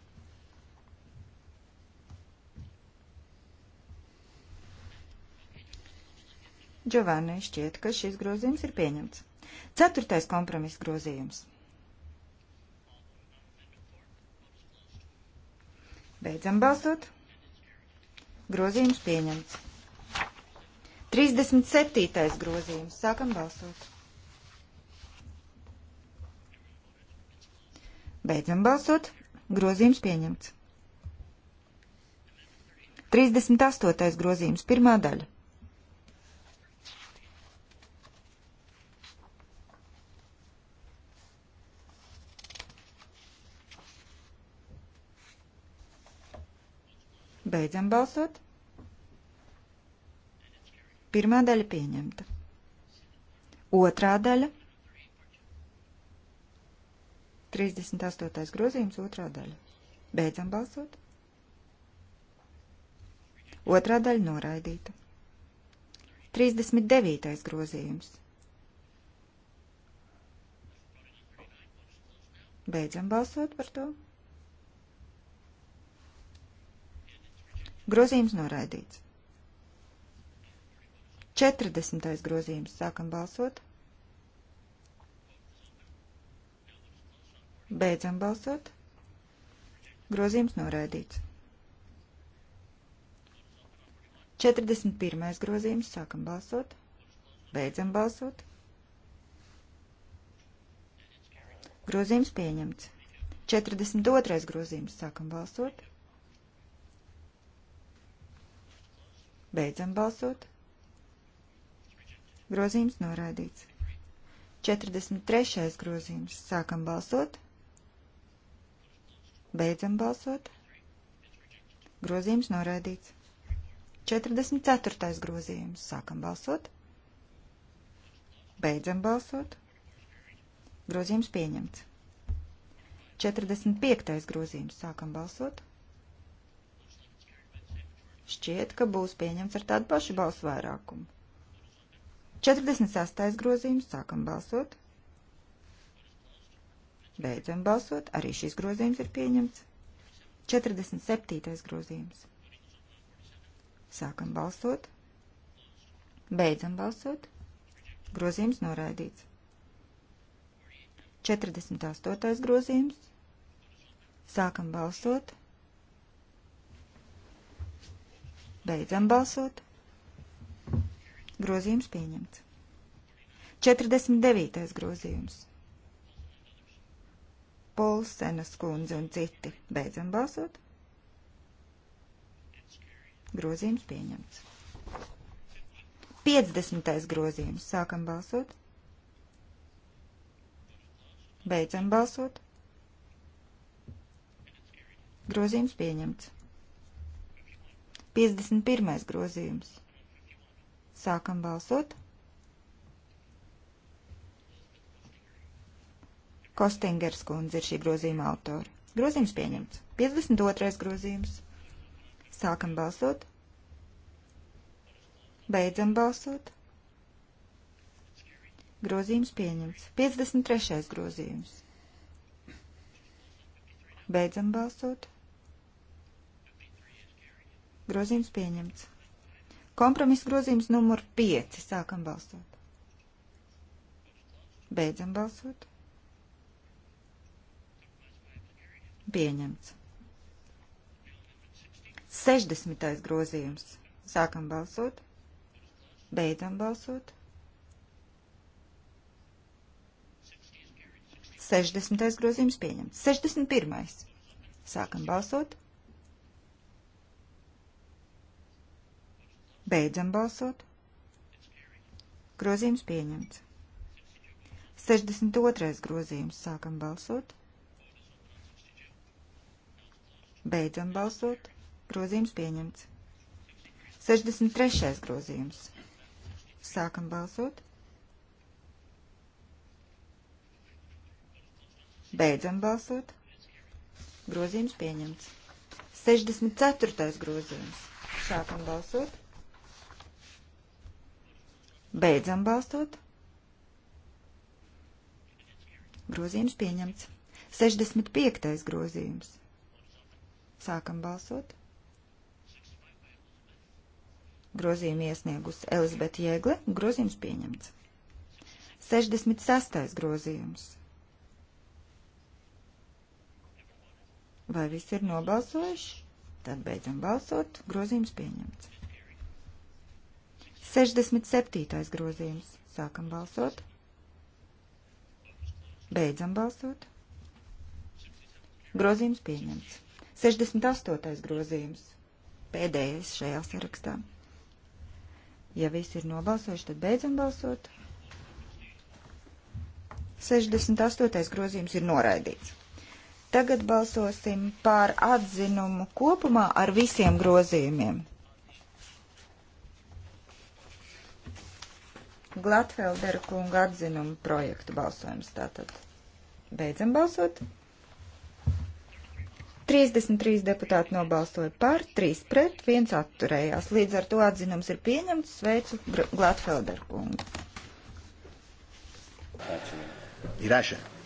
Džovani, šķiet, ka šis grozījums ir pieņemts. Ceturtais kompromiss grozījums. Beidzam balsot. Grozījums pieņemts. 37. grozījums. Sākam balsot. Beidzam balsot. Grozījums pieņemts. 38. grozījums. Pirmā daļa. Beidzam balsot. Pirmā daļa pieņemta. Otrā daļa. 38. grozījums, otrā daļa. Beidzam balsot. Otrā daļa noraidīta. 39. grozījums. Beidzam balsot par to. Grozījums noraidīts. 40. grozījums. Sākam balsot. Beidzam balsot. Grozījums noraidīts. 41. grozījums. Sākam balsot. Beidzam balsot. Grozījums pieņemts. 42. grozījums. Sākam balsot. Beidzam balsot. Grozījums noraidīts. 43. grozījums. Sākam balsot. Beidzam balsot. Grozījums noraidīts. 44. grozījums. Sākam balsot. Beidzam balsot. Grozījums pieņemts. 45. grozījums. Sākam balsot. Šķiet, ka būs pieņemts ar tādu pašu balsu vairākumu. 46. grozījums. Sākam balsot. Beidzam balsot. Arī šis grozījums ir pieņemts. 47. grozījums. Sākam balsot. Beidzam balsot. Grozījums noraidīts. 48. grozījums. Sākam balsot. Beidzam balsot. Grozījums pieņemts. 49. grozījums. Polsenas kundze un citi. Beidzam balsot. Grozījums pieņemts. 50. grozījums. Sākam balsot. Beidzam balsot. Grozījums pieņemts. 51. grozījums. Sākam balsot. Kostingers kundze ir šī grozījuma autora. Grozījums pieņemts. 52. grozījums. Sākam balsot. Beidzam balsot. Grozījums pieņemts. 53. grozījums. Beidzam balsot. Grozījums pieņemts. Kompromiss grozījums numur 5. Sākam balsot. Beidzam balsot. Pieņemts. 60. grozījums. Sākam balsot. Beidzam balsot. 60. grozījums pieņemts. 61. Sākam balsot. Beidzam balsot. Grozījums pieņemts. 62. grozījums. Sākam balsot. Beidzam balsot. Grozījums pieņemts. 63. grozījums. Sākam balsot. Beidzam balsot. Grozījums pieņemts. 64. grozījums. Sākam balsot. Beidzam balstot. Grozījums pieņemts. 65. grozījums. Sākam balsot. Grozījumu iesniegus Elizabete Jēgle. Grozījums pieņemts. 66. grozījums. Vai visi ir nobalsojuši? Tad beidzam balsot. Grozījums pieņemts. 67. grozījums. Sākam balsot. Beidzam balsot. Grozījums pieņemts. 68. grozījums. Pēdējais šajā sarakstā. Ja visi ir nobalsojuši, tad beidzam balsot. 68. grozījums ir noraidīts. Tagad balsosim par atzinumu kopumā ar visiem grozījumiem. Glatfeldera kunga atzinumu projektu balsojums tātad. Beidzam balsot. 33 deputāti nobalsoja par, 3 pret, 1 atturējās. Līdz ar to atzinums ir pieņemts. Sveicu Glatfelder kungu. Irāšana.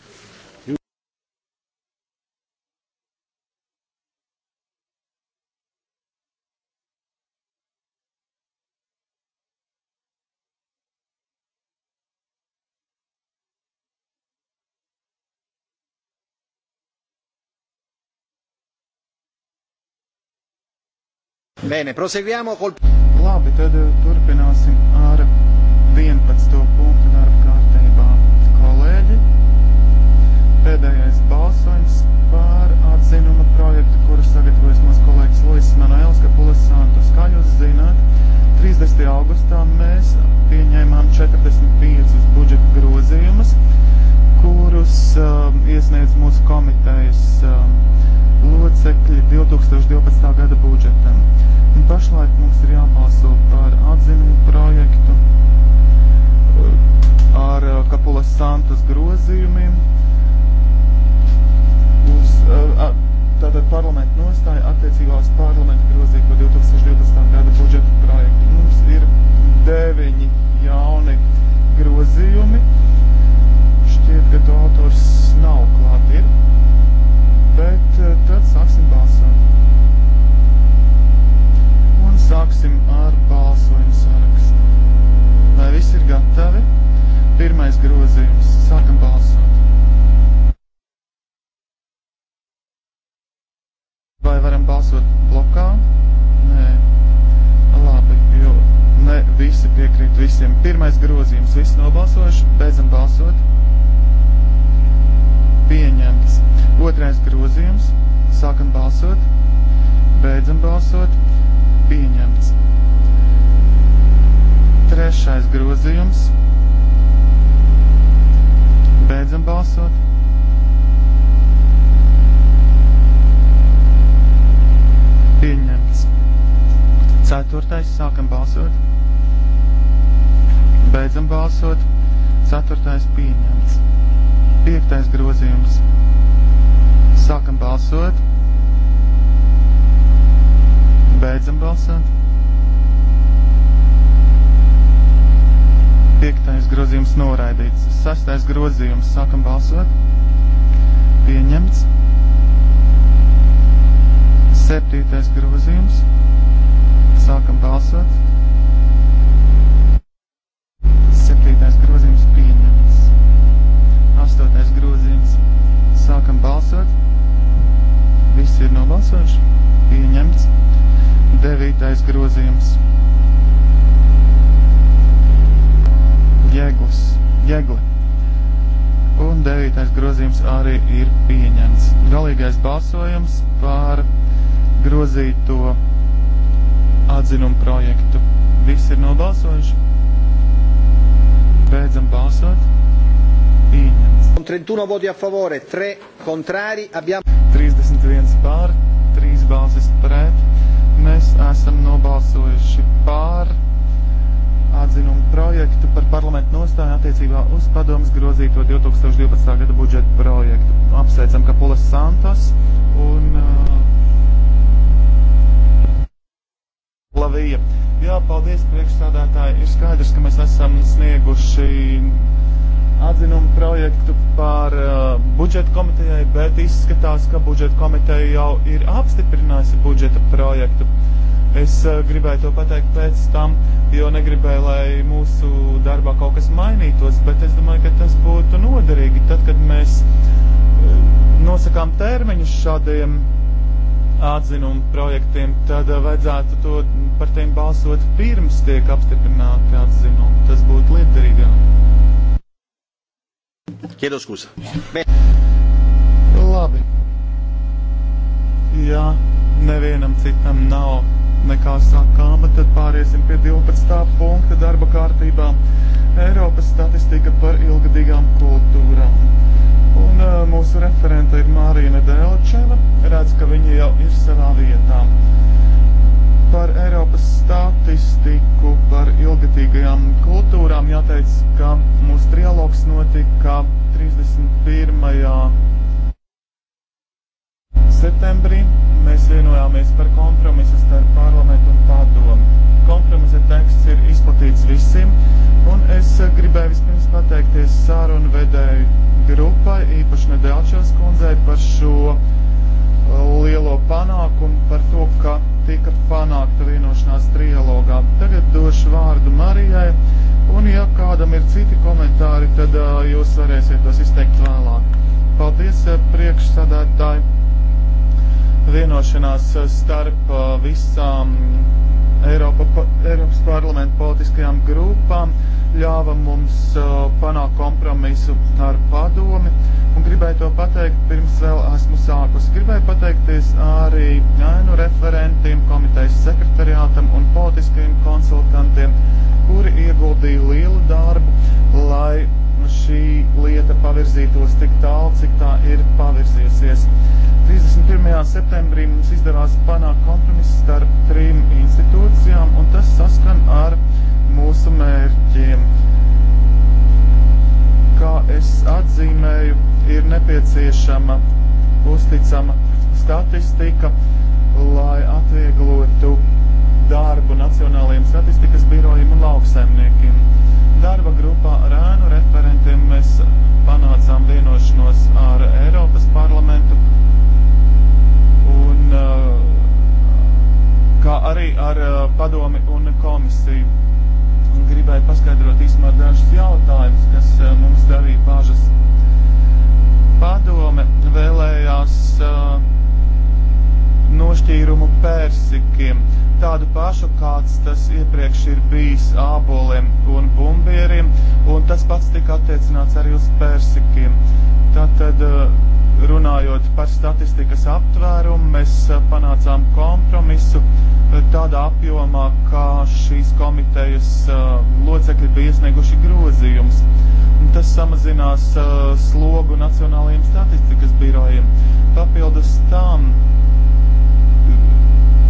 Bene, proseguiamo col... Labi, tad eh, turpināsim ar 11. punktu darba kārtībā. Kolēģi, pēdējais balsojums par atzinuma projektu, kuru sagatavojas mūsu kolēģis Luis Manuels Kapulas Santos. Kā jūs zināt, 30. augustā mēs pieņēmām 45 budžeta grozījumus, kurus um, iesniedz mūsu komitejas um, locekļi 2012. gada attiecībā uz pārējiem. grozījums. Visi nobalsojuši, beidzam balsot. Pieņemts. Otrais grozījums. Sākam balsot. Beidzam balsot. Pieņemts. Trešais grozījums. Beidzam balsot. Pieņemts. Ceturtais. Sākam balsot. Beidzam balsot. Ceturtais pieņemts. Piektais grozījums. Sākam balsot. Beidzam balsot. Piektais grozījums noraidīts. Sastais grozījums. Sākam balsot. Pieņemts. Septītais grozījums. Sākam balsot. Sākam balsot. Visi ir nobalsojuši. Pieņemts. Devītais grozījums. Jēglis. Jēgli. Un devītais grozījums arī ir pieņemts. Galīgais balsojums par grozīto atzinumu projektu. Visi ir nobalsojuši. Beidzam balsot. Pieņemts. 31 voti a favore, 3 contrari, abbiamo... 31 pār, 3 balsis pret. Mēs esam nobalsojuši pār atzinumu projektu par parlamentu nostāju attiecībā uz padomas grozīto 2012. gada budžeta projektu. Apsveicam Kapulas Santos un uh, Lavija. Jā, paldies priekšsādātāji. Ir skaidrs, ka mēs esam snieguši atzinumu projektu par uh, budžeta komitejai, bet izskatās, ka budžeta komiteja jau ir apstiprinājusi budžeta projektu. Es uh, gribēju to pateikt pēc tam, jo negribēju, lai mūsu darbā kaut kas mainītos, bet es domāju, ka tas būtu noderīgi. Tad, kad mēs uh, nosakām termiņus šādiem atzinumu projektiem, tad uh, vajadzētu to par tiem balsot pirms tiek apstiprināti atzinumi. Tas būtu lietderīgāk. Chiedo scusa. Labi. Ja nevienam citam nav nekā sakāma, tad pāriesim pie 12. punkta darba kārtībā - Eiropas statistika par ilgadīgām kultūrām. Un uh, mūsu referente ir Mārija Nedelčeva, redz, ka viņa jau ir savā vietā. Uh, par Eiropas statistiku, par ilgatīgajām kultūrām jāteic, ka mūsu trialogs notika 31. septembrī. Mēs vienojāmies par kompromisu starp parlamentu un padomu. Kompromisa teksts ir izplatīts visiem, un es gribēju vispirms pateikties sārunu vedēju grupai, īpaši Nedelčevs kundzei par šo lielo panākumu, par to, ka tika panākta vienošanās trialogā. Tagad došu vārdu Marijai, un ja kādam ir citi komentāri, tad uh, jūs varēsiet tos izteikt vēlāk. Paldies uh, priekšsādātāji! Vienošanās starp uh, visām Eiropa, pa, Eiropas parlamenta politiskajām grupām, ļāva mums uh, panākt kompromisu ar padomi. Un gribēju to pateikt pirms vēl esmu sākusi. Gribēju pateikties arī ēnu referentiem, komitejas sekretariātam un politiskajiem konsultantiem, kuri ieguldīja lielu darbu, lai šī lieta pavirzītos tik tālu, cik tā ir pavirzījusies. Uh, 31. septembrī mums izdevās panākt kompromisu starp trim institūcijām, un tas saskan ar mūsu mērķiem. Kā es atzīmēju, ir nepieciešama uzticama statistika, lai atvieglotu darbu Nacionālajiem statistikas birojiem un lauksaimniekiem. Darba grupā ar ēnu referentiem mēs panācām vienošanos ar Eiropas parlamentu un eh, kā arī ar eh, padomi un komisiju. Un gribēju paskaidrot īsumā dažus jautājumus, kas eh, mums darīja bažas. Padome vēlējās uh, nošķīrumu pērsikiem, tādu pašu, kāds tas iepriekš ir bijis āboliem un bumbieriem, un tas pats tika attiecināts arī uz pērsikiem. Tātad uh, runājot par statistikas aptvērumu, mēs eh, panācām kompromisu eh, tādā apjomā, kā šīs komitejas uh, locekļi bija iesnieguši grozījumus. Tas samazinās uh, slogu nacionālajiem statistikas birojiem. Papildus tam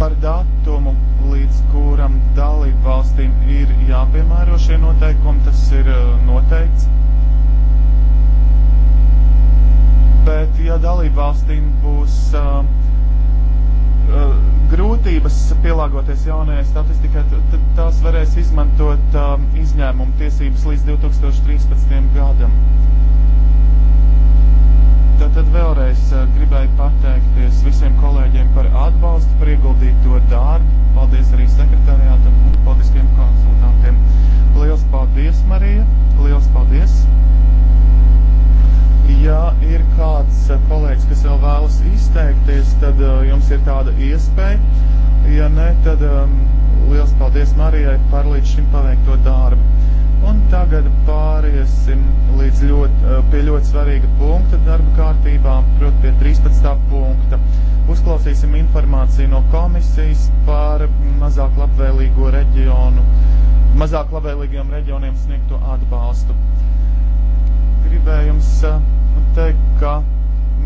par datumu, līdz kuram dalību valstīm ir jāpiemēro šie noteikumi, tas ir uh, noteikts bet ja dalībvalstīm būs uh, uh, grūtības pielāgoties jaunajai statistikai, tad tās varēs izmantot uh, izņēmumu tiesības līdz 2013. gadam. Tātad vēlreiz uh, gribēju pateikties visiem kolēģiem par atbalstu, par ieguldīto darbu. Paldies arī sekretariātam un politiskiem konsultantiem. Liels paldies, Marija! Liels paldies! Ja ir kāds eh, kolēģis, kas vēl vēlas izteikties, tad eh, jums ir tāda iespēja. Ja ne, tad um, liels paldies Marijai par līdz šim paveikto darbu. Un tagad pāriesim līdz ļoti, eh, pie ļoti svarīga punkta darba kārtībā, proti pie 13. punkta. Uzklausīsim informāciju no komisijas par mazāk labvēlīgo reģionu, mazāk labvēlīgiem reģioniem sniegto atbalstu gribēju jums teikt, ka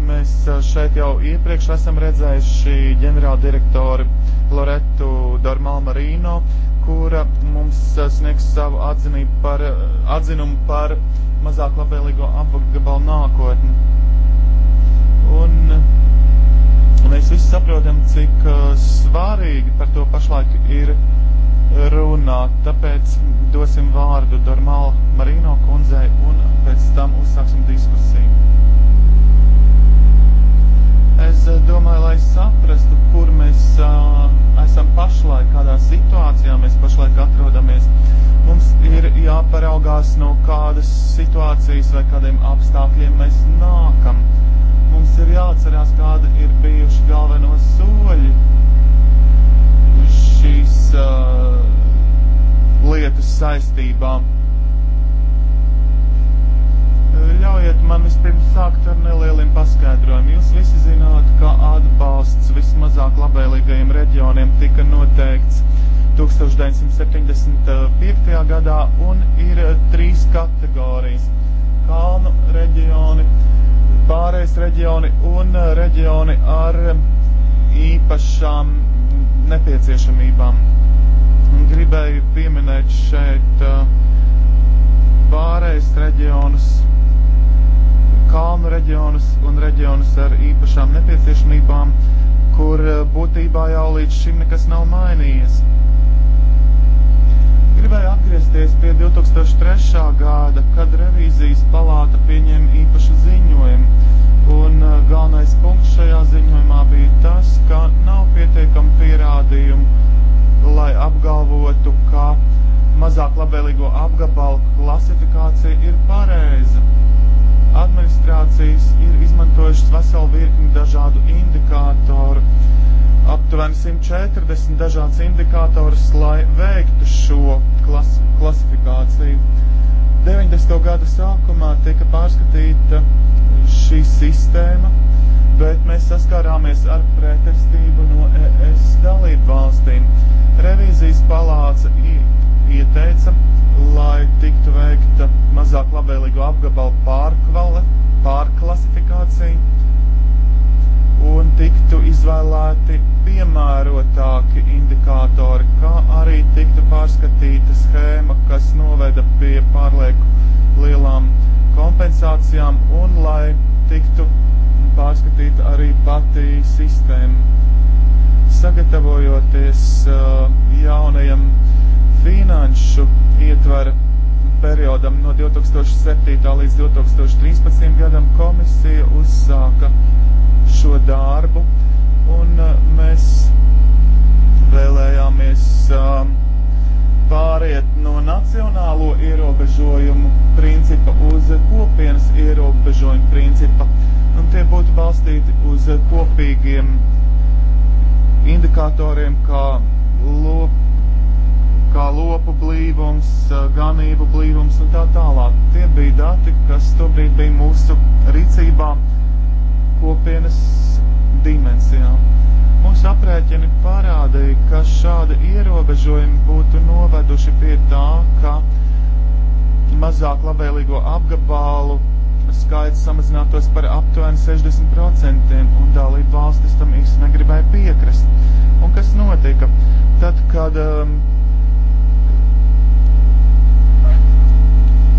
mēs šeit jau iepriekš esam redzējuši ģenerāldirektori Loretu Dormalmarino, kura mums sniegs savu atzinību par, atzinumu par mazāk labvēlīgo apgabalu nākotni. Un mēs visi saprotam, cik uh, svārīgi par to pašlaik ir runāt, tāpēc dosim vārdu Dormāla Marino kundzei un pēc tam uzsāksim diskusiju. Es eh, domāju, lai saprastu, kur mēs uh, esam pašlaik, kādā situācijā mēs pašlaik atrodamies. Mums ir jāparaugās, no kādas situācijas vai kādiem apstākļiem mēs nākam. Mums ir jāatcerās, kādi ir bijuši galveno soļi šīs uh, lietas saistībām. Ļaujiet man vispirms sākt ar nelieliem paskaidrojumiem. Jūs visi zināt, ka atbalsts vismazāk labvēlīgajiem reģioniem tika noteikts 1975. gadā un ir trīs kategorijas - kalnu reģioni, pārējais reģioni un reģioni ar īpašām nepieciešamībām. Gribēju pieminēt šeit uh, pārējais reģionus, kalnu reģionus un reģionus ar īpašām nepieciešamībām, kur uh, būtībā jau līdz šim nekas nav mainījies. Gribēju atgriezties pie 2003. gada, kad revīzijas palāta pieņēma īpašu ziņojumu 140 dažādus indikātorus, lai veiktu šo klas klasifikāciju. 90. gada sākumā tika pārskatīta šī sistēma, bet mēs saskārāmies ar pretestību no ES dalību valstīm. Revīzijas palāca ieteica, lai tiktu veikta mazāk labvēlīgu apgabalu pārkvalifikācija un tiktu izvēlēti piemērotāki indikātori, kā arī tiktu pārskatīta schēma, kas noveda pie pārlieku lielām kompensācijām un lai tiktu pārskatīta arī pati sistēma. Sagatavojoties uh, jaunajam finanšu ietvara periodam no 2007. līdz 2013. gadam komisija uzsāka šo darbu, un uh, mēs vēlējāmies um, pāriet no nacionālo ierobežojumu principa uz kopienas ierobežojumu principa, un tie būtu balstīti uz kopīgiem indikatoriem, kā, lop, kā lopu blīvums, uh, ganību blīvums un tā tālāk. Tie bija dati, kas tobrīd bija mūsu rīcībā kopienas dimensijām. Mūsu aprēķini parādīja, ka šādi ierobežojumi būtu noveduši pie tā, ka mazāk labvēlīgo apgabalu skaits samazinātos par aptuveni 60%, un dalību valstis tam īsti negribēja piekrist. Un kas notika? Tad, kad um,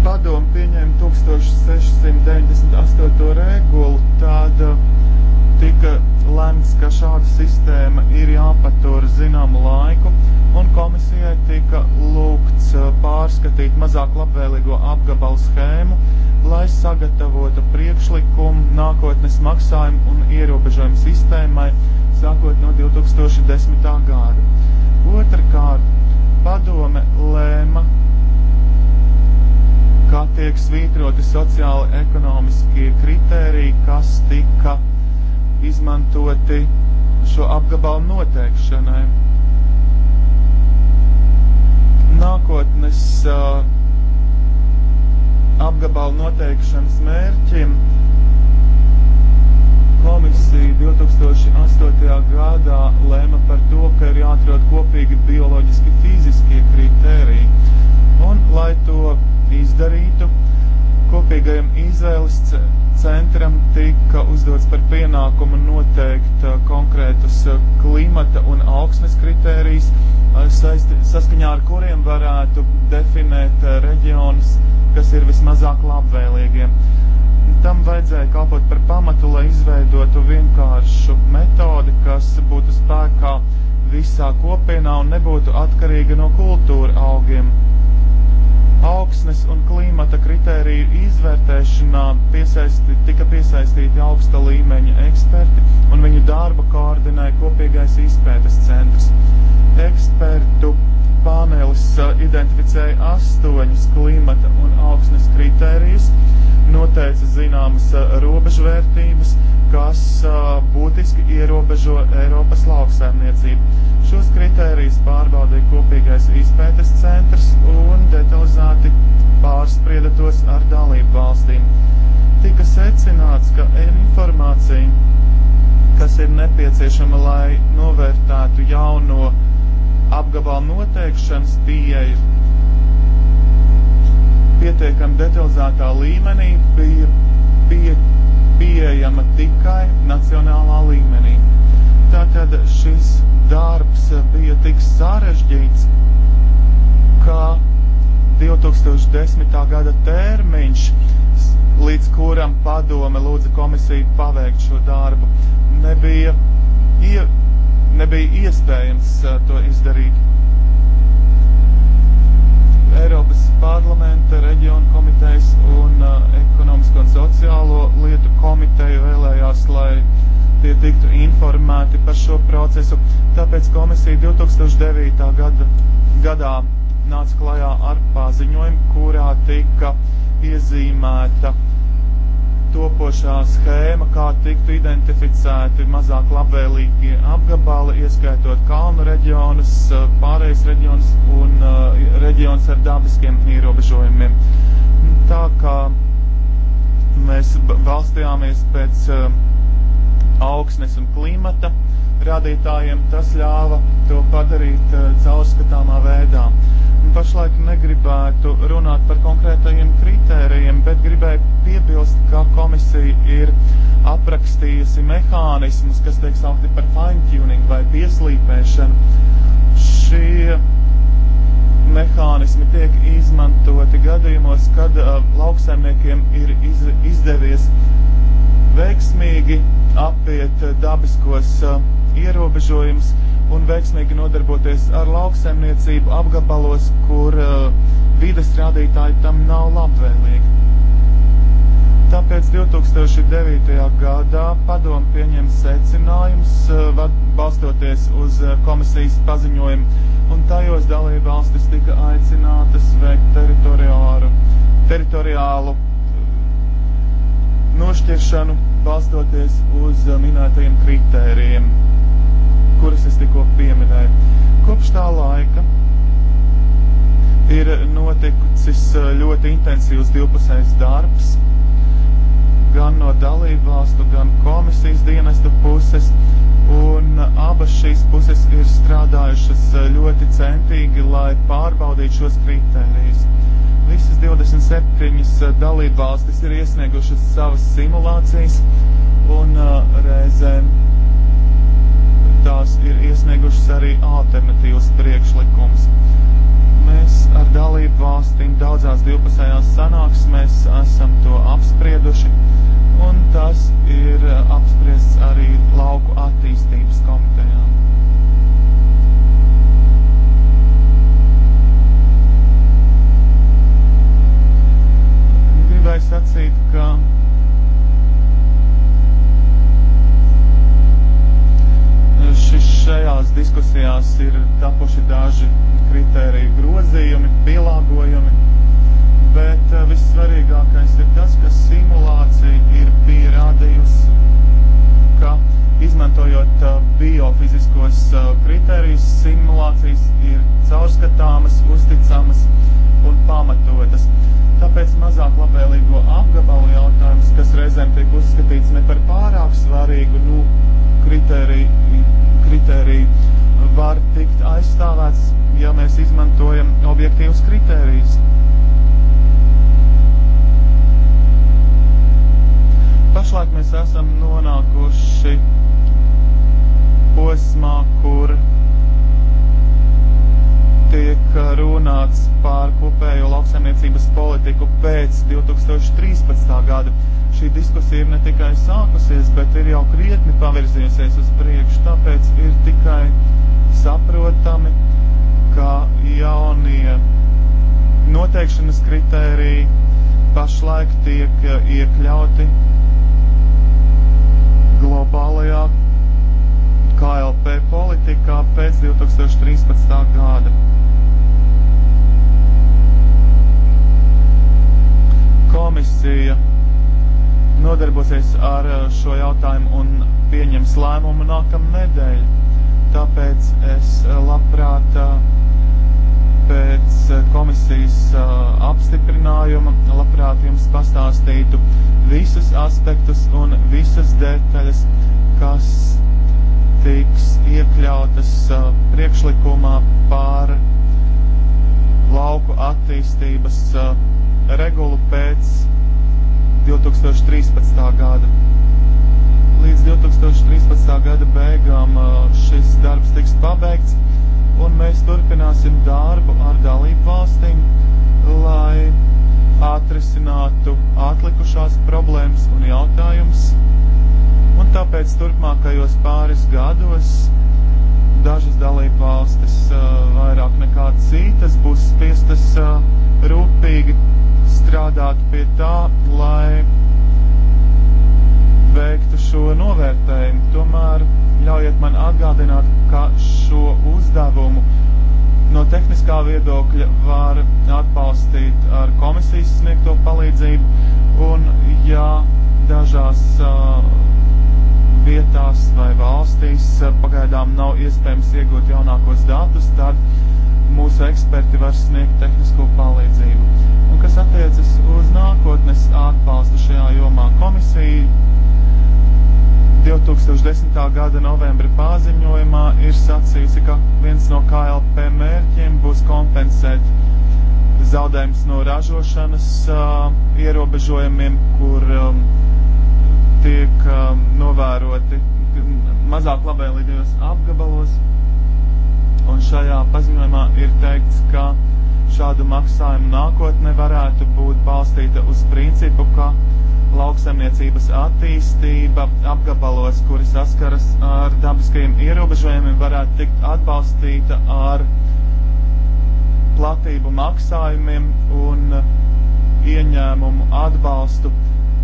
padomu pieņēma 1698. regulu, tad uh, tika lemts, ka šāda sistēma ir jāpatur zināmu laiku, un komisijai tika lūgts uh, pārskatīt mazāk labvēlīgo apgabalu schēmu, lai sagatavotu priekšlikumu nākotnes maksājumu un ierobežojumu sistēmai, sākot no 2010. gada. Otrakārt, padome lēma kā tiek svītroti sociāli ekonomiskie kritēriji, kas tika izmantoti šo apgabalu noteikšanai. Nākotnes uh, apgabalu noteikšanas mērķim komisija 2008. gadā Izraels centram tika uzdots par pienākumu noteikt uh, konkrētus uh, klimata un augsnes kritērijus, uh, saskaņā ar kuriem varētu definēt reģionus, kas ir vismazāk labvēlīgiem. Tam vajadzēja kalpot par pamatu, lai izveidotu vienkāršu metodi, kas būtu spēkā visā kopienā un nebūtu atkarīga no kultūra augiem augsnes un klimata kritēriju izvērtēšanā piesaisti, tika piesaistīti augsta līmeņa eksperti, un viņu darbu koordinēja kopīgais izpētes centrs. Ekspertu pānelis identificēja astoņus klimata un augsnes kritērijus, noteica zināmas robežvērtības, kas būtiski ierobežo Eiropas lauksaimniecību. Šos kritērijus pārbaudīja kopīgais izpētes centrs un detalizēti pārsprieda tos ar dalību valstīm. Tika secināts, ka informācija, kas ir nepieciešama, lai novērtētu jauno apgabalu noteikšanas pieeju pietiekami detalizētā līmenī bija pie, pieejama tikai nacionālā līmenī. Tātad šis darbs bija tik sarežģīts, ka 2010. gada termiņš, līdz kuram padome lūdza komisiju paveikt šo darbu, nebija ie, nebija iespējams uh, to izdarīt. Eiropas parlamenta, reģionu komitejas un uh, ekonomisko un sociālo lietu komiteju vēlējās, lai tie tiktu informēti par šo procesu. Tāpēc komisija 2009. Gada, gadā nāca klajā ar paziņojumu, kurā tika iezīmēta uh, topošā schēma, kā tiktu identificēti mazāk labvēlīgie apgabali, ieskaitot kalnu reģionus, eh, pārējais reģionus un uh, eh, reģionus ar dabiskiem ierobežojumiem. Tā kā mēs balstījāmies pēc uh, augsnes un klimata rādītājiem, tas ļāva to padarīt uh, caurskatāmā veidā. Un pašlaik negribētu runāt par konkrētajiem kritērijiem, bet gribēju piebilst, ka komisija ir aprakstījusi mehānismus, kas tiek saukti par fine-tuning vai pieslīpēšanu. Šie mehānismi tiek izmantoti gadījumos, kad uh, lauksaimniekiem ir iz, izdevies uh, veiksmīgi apiet eh, dabiskos eh, ierobežojumus un veiksmīgi nodarboties ar lauksaimniecību apgabalos, kur uh, vides rādītāji tam nav labvēlīgi. Tāpēc 2009. gadā padomu pieņem secinājums, uh, balstoties uz uh, komisijas paziņojumu, un tajos dalība valstis tika aicinātas veikt teritoriālu, teritoriālu nošķiršanu balstoties uz eh, minētajiem kritērijiem, kurus es tikko pieminēju. Kopš tā laika ir noticis eh, ļoti intensīvs divpusējs darbs gan no dalību valstu, gan komisijas dienestu puses, un eh, abas šīs puses ir strādājušas ļoti centīgi, lai pārbaudītu šos kritērijus. Visas 27 eh, dalībvalstis ir iesniegušas savas simulācijas, un uh, reizēm tās ir iesniegušas arī alternatīvas priekšlikums. Mēs ar dalību valstīm daudzās divpusējās sanāksmēs esam to apsprieduši, un tas ir eh, apspriests arī lauku attīstības komitejām. kungai sacītu, ka šis, šajās diskusijās ir tapuši daži kritēriju grozījumi, pielāgojumi, bet eh, vissvarīgākais ir tas, ka simulācija ir pierādījusi, ka Izmantojot uh, biofiziskos uh, kritērijus, simulācijas ir caurskatāmas, uzticamas un pamatotas. Tāpēc mazāk labvēlīgo apgabalu jautājums, kas reizēm tiek uzskatīts ne par pārāk svarīgu, nu, kritēriju, kritēriju var tikt aizstāvēts, ja mēs izmantojam objektīvus kritērijus. Pašlaik mēs esam nonākuši posmā, kur tiek runāts par kopējo lauksaimniecības politiku pēc 2013. gada. Šī diskusija ir ne tikai sākusies, bet ir jau krietni pavirzījusies uz priekšu, tāpēc ir tikai saprotami, ka jaunie noteikšanas kritēriji pašlaik tiek iekļauti globālajā KLP politikā pēc 2013. gada. Komisija nodarbosies ar eh, šo jautājumu un pieņems lēmumu nākamnedēļ. Tāpēc es eh, labprāt eh, pēc komisijas apstiprinājuma labprāt jums pastāstītu visus aspektus un visas detaļas, kas tiks iekļautas uh, priekšlikumā par lauku attīstības uh, regulu pēc 2013. gada. Līdz 2013. gada beigām uh, šis darbs tiks pabeigts, un mēs turpināsim darbu ar dalību valstīm, lai atrisinātu atlikušās problēmas un jautājumus Un tāpēc turpmākajos pāris gados dažas dalību valstis vairāk nekā citas būs spiestas rūpīgi strādāt pie tā, lai veiktu šo novērtējumu. Tomēr ļaujiet man atgādināt, ka šo uzdevumu no tehniskā viedokļa var atbalstīt ar komisijas sniegto palīdzību, un ja dažās uh, vietās vai valstīs eh, pagaidām nav iespējams iegūt jaunākos datus, tad mūsu eksperti var sniegt tehnisko palīdzību. Un kas attiecas uz nākotnes atbalstu šajā jomā, komisija 2010. gada novembra paziņojumā ir sacījusi, ka viens no KLP mērķiem būs kompensēt zaudējums no ražošanas uh, ierobežojumiem, kur um, tiek um, novēroti mazāk labvēlīgajos apgabalos. Un šajā paziņojumā ir teikts, ka šādu maksājumu nākotne varētu būt balstīta uz principu, ka lauksaimniecības attīstība apgabalos, kuri saskaras ar dabiskajiem ierobežojumiem, varētu tikt atbalstīta ar platību maksājumiem un ieņēmumu atbalstu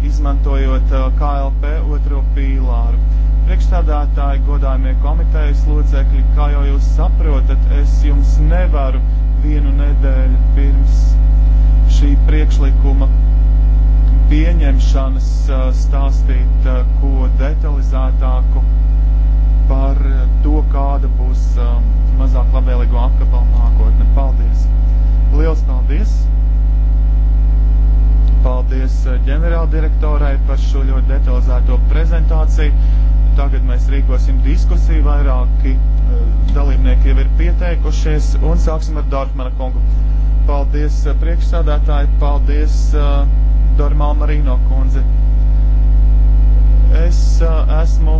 izmantojot uh, KLP otro pīlāru. Priekšstādātāji, godājumie komitejas locekļi, kā jau jūs saprotat, es jums nevaru vienu nedēļu pirms šī priekšlikuma pieņemšanas uh, stāstīt uh, ko detalizētāku par to, kāda būs um, mazāk labvēlīgo apgabalu nākotne. Paldies! Liels paldies! Paldies eh, ģenerāldirektorai par šo ļoti detalizēto prezentāciju. Tagad mēs rīkosim diskusiju, vairāki eh, dalībnieki jau ir pieteikušies, un sāksim ar Dārfmana kungu. Paldies eh, priekšsādātāji, paldies Dormāla Marino kundze. Es esmu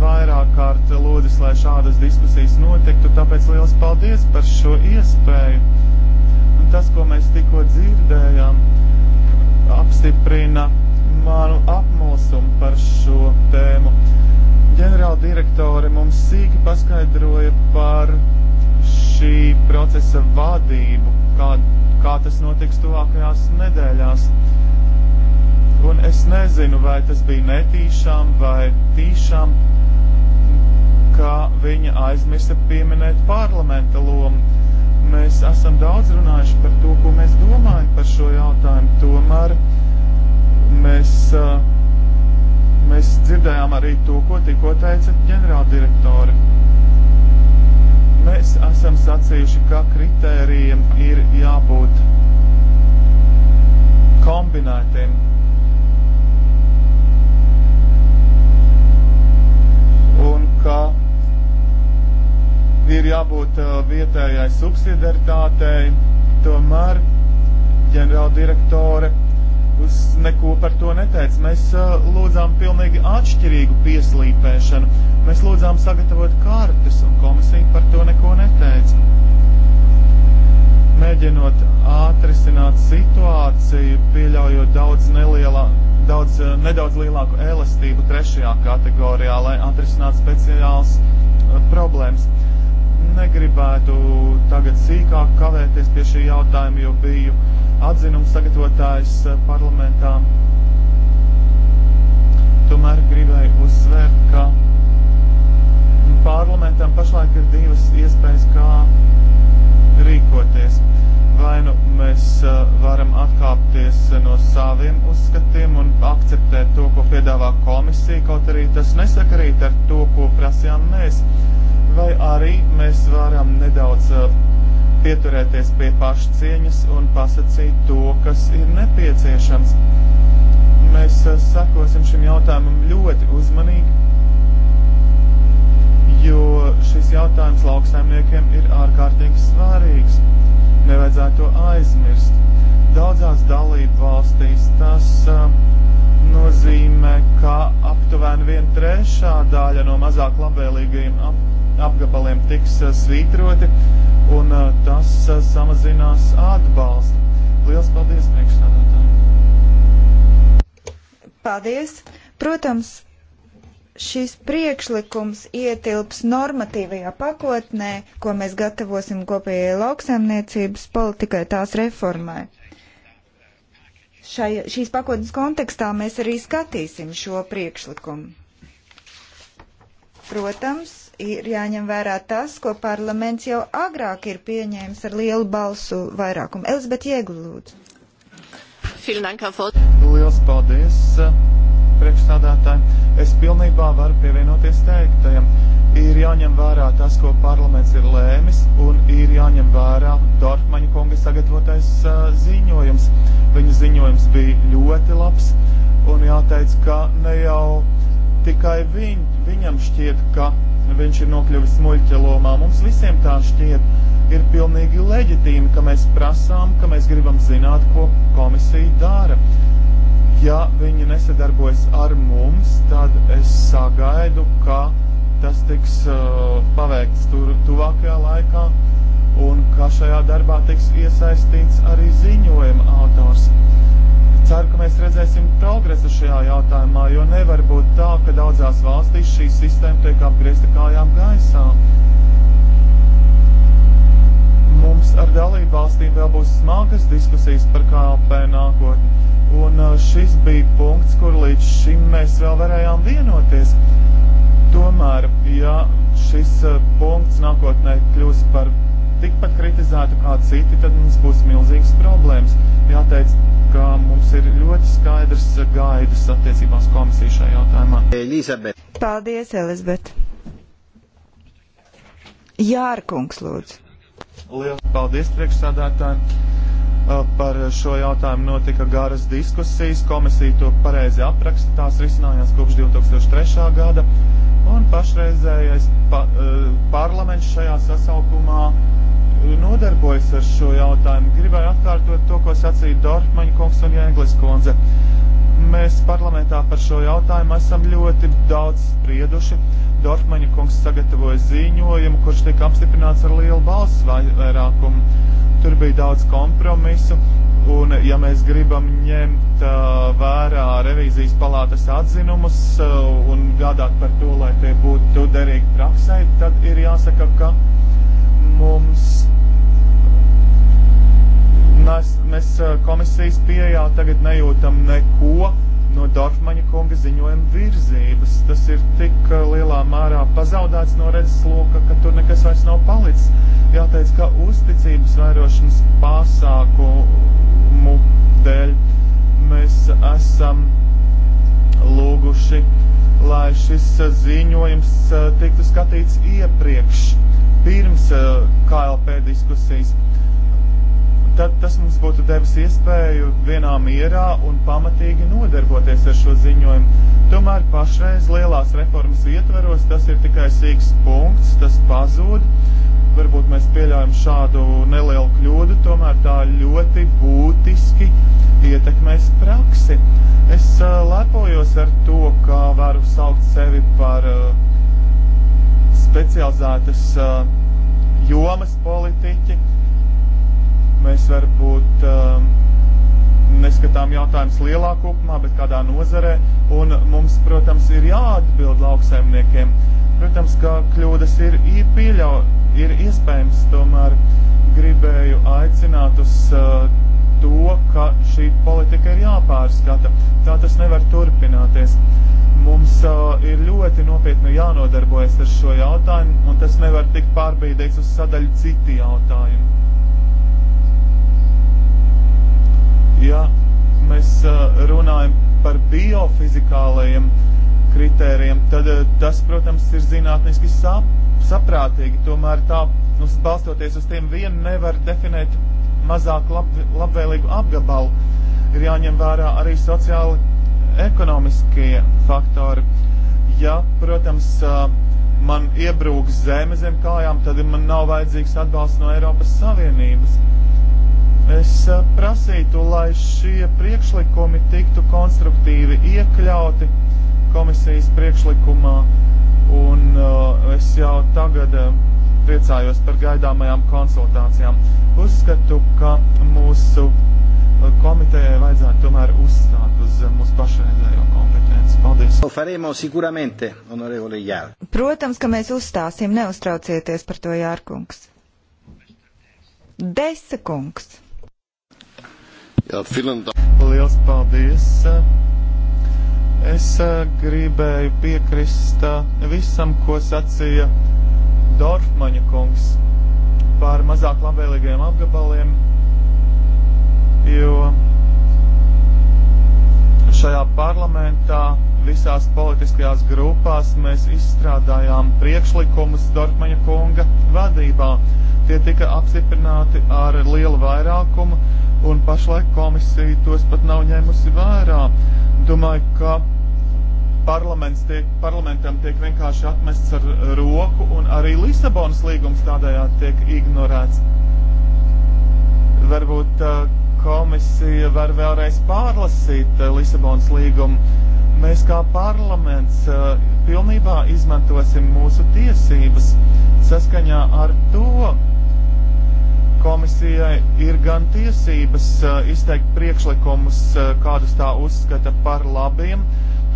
vairāk kārt lūdzis, lai šādas diskusijas notiktu, tāpēc liels paldies par šo iespēju. Un tas, ko mēs tikko dzirdējām, apstiprina manu apmulsumu par šo tēmu. Ģenerāla direktore mums sīki paskaidroja par šī procesa vadību, kā, kā tas notiks tuvākajās nedēļās. Un es nezinu, vai tas bija netīšām vai tīšām, kā viņa aizmirsa pieminēt parlamenta lomu Mēs esam daudz runājuši par to, ko mēs domājam par šo jautājumu. Tomēr mēs, uh, mēs dzirdējām arī to, ko tikko teica ģenerāldirektori. Mēs esam sacījuši, ka kritērijiem ir jābūt kombinētiem. Un ka ir jābūt uh, vietējai subsidiaritātei, tomēr ģenerāldirektore neko par to neteica. Mēs uh, lūdzām pilnīgi atšķirīgu pieslīpēšanu. Mēs lūdzām sagatavot kartes, un komisija par to neko neteica. Mēģinot atrisināt situāciju, pieļaujot daudz nelielā, daudz, uh, nedaudz lielāku elastību trešajā kategorijā, lai atrisinātu speciāls problēmas negribētu tagad sīkāk kavēties pie šī jautājuma, jo biju atzinums sagatavotājs eh, parlamentā. Tomēr gribēju uzsvērt, ka parlamentam pašlaik ir divas iespējas, kā rīkoties. Vai nu mēs eh, varam atkāpties eh, no saviem uzskatiem un akceptēt to, ko piedāvā komisija, kaut arī tas nesakarīt ar to, ko prasījām mēs, vai arī mēs varam nedaudz eh, pieturēties pie pašcieņas un pasacīt to, kas ir nepieciešams. Mēs sakosim šim jautājumam ļoti uzmanīgi, jo šis jautājums lauksaimniekiem ir ārkārtīgi svārīgs. Nevajadzētu to aizmirst. Daudzās dalību valstīs tas uh, nozīmē, ka aptuveni viena trešā daļa no mazāk labvēlīgajiem ap, apgabaliem tiks uh, svītroti, un uh, tas uh, samazinās atbalstu. Lielas paldies priekšstādātājiem! Paldies! Protams, šis priekšlikums ietilps normatīvajā pakotnē, ko mēs gatavosim kopējai lauksaimniecības politikai tās reformai. Šai, šīs pakotnes kontekstā mēs arī skatīsim šo priekšlikumu. Protams, ir jāņem vērā tas, ko parlaments jau agrāk ir pieņēmis ar lielu balsu vairākumu. Elizabet Jēglu, lūdzu. Lielas paldies! priekšsādātāji. Es pilnībā varu pievienoties teiktajam. Ir jāņem vērā tas, ko parlaments ir lēmis, un ir jāņem vērā Dorfmaņa kunga sagatavotais uh, ziņojums. Viņa ziņojums bija ļoti labs, un jāteic, ka ne jau tikai viņ, viņam šķiet, ka viņš ir nokļuvis muļķa lomā. Mums visiem tā šķiet ir pilnīgi leģitīmi, ka mēs prasām, ka mēs gribam zināt, ko komisija dara. Ja viņi nesadarbojas ar mums, tad es sagaidu, ka tas tiks uh, paveikts tur tuvākajā laikā un ka šajā darbā tiks iesaistīts arī ziņojuma autors. Ceru, ka mēs redzēsim progresu šajā jautājumā, jo nevar būt tā, ka daudzās valstīs šī sistēma tiek apgriezta kājām gaisā mums ar dalību valstīm vēl būs smagas diskusijas par KLP nākotni. Un uh, šis bija punkts, kur līdz šim mēs vēl varējām vienoties. Tomēr, ja šis uh, punkts nākotnē kļūs par tikpat kritizētu kā citi, tad mums būs milzīgas problēmas. Jāteic, ka mums ir ļoti skaidrs uh, gaidas attiecībās komisija šajā jautājumā. Elizabet. Paldies, Elizabet. Jārkungs, lūdzu. Lielas paldies priekšsādātājiem. Par šo jautājumu notika garas diskusijas. Komisija to pareizi apraksta. Tās risinājās kopš 2003. gada. Un pašreizējais pa, e, parlaments šajā sasaukumā e, nodarbojas ar šo jautājumu. Gribēju atkārtot to, ko sacīja Dorfmaņa kungs un Jēglis kundze. Mēs parlamentā par šo jautājumu esam ļoti daudz sprieduši. Dorfmaņa kungs sagatavoja ziņojumu, kurš tika apstiprināts ar lielu balsu vairākumu. Tur bija daudz kompromisu, un ja mēs gribam ņemt uh, vērā revīzijas palātas atzinumus uh, un gādāt par to, lai tie būtu derīgi praksē, tad ir jāsaka, ka mums Mēs, mēs komisijas pieejā tagad nejūtam neko no Dorfmaņa kunga ziņojuma virzības. Tas ir tik lielā mērā pazaudēts no redzes loka, ka tur nekas vairs nav palicis. Jāteic, ka uzticības vairošanas pasākumu dēļ mēs esam lūguši, lai šis ziņojums tiktu skatīts iepriekš, pirms KLP diskusijas tad tas mums būtu devis iespēju vienā mierā un pamatīgi nodarboties ar šo ziņojumu. Tomēr pašreiz lielās reformas ietveros tas ir tikai sīks punkts, tas pazūd. Varbūt mēs pieļaujam šādu nelielu kļūdu, tomēr tā ļoti būtiski ietekmēs praksi. Es uh, lepojos ar to, kā varu saukt sevi par uh, specializētas uh, jomas politiķi, Mēs varbūt um, neskatām jautājumus lielā kopumā, bet kādā nozarē. Un mums, protams, ir jāatbild lauksaimniekiem. Protams, ka kļūdas ir pieļau, ir iespējams, tomēr gribēju aicināt uz uh, to, ka šī politika ir jāpārskata. Tā tas nevar turpināties. Mums uh, ir ļoti nopietni jānodarbojas ar šo jautājumu, un tas nevar tikt pārbīdīts uz sadaļu citi jautājumi. ja mēs eh, runājam par biofizikālajiem kritērijiem, tad eh, tas, protams, ir zinātniski sap, saprātīgi. Tomēr tā, uz, nu, balstoties uz tiem vien, nevar definēt mazāk lab, labvēlīgu apgabalu. Ir jāņem vērā arī sociāli ekonomiskie faktori. Ja, protams, eh, man iebrūks zeme zem kājām, tad man nav vajadzīgs atbalsts no Eiropas Savienības Es eh, prasītu, lai šie priekšlikumi tiktu konstruktīvi iekļauti komisijas priekšlikumā, un uh, es jau tagad uh, priecājos par gaidāmajām konsultācijām. Uzskatu, ka mūsu komitejai vajadzētu tomēr uzstāt uz mūsu pašreizējo kompetenci. Paldies! Protams, ka mēs uzstāsim, neuztraucieties par to, Jārkungs. Desa kungs! Jā, Liels paldies! Es eh, gribēju piekrist eh, visam, ko sacīja Dorfmaņa kungs par mazāk labvēlīgiem apgabaliem, jo šajā parlamentā visās politiskajās grupās mēs izstrādājām priekšlikumus Dortmaņa kunga vadībā. Tie tika apstiprināti ar lielu vairākumu, un pašlaik komisija tos pat nav ņēmusi vērā. Domāju, ka tiek, parlamentam tiek vienkārši atmests ar roku, un arī Lisabonas līgums tādējādi tiek ignorēts. Varbūt uh, komisija var vēlreiz pārlasīt eh, Lisabonas līgumu Mēs kā parlaments eh, pilnībā izmantosim mūsu tiesības. Saskaņā ar to komisijai ir gan tiesības eh, izteikt priekšlikumus, eh, kādus tā uzskata par labiem,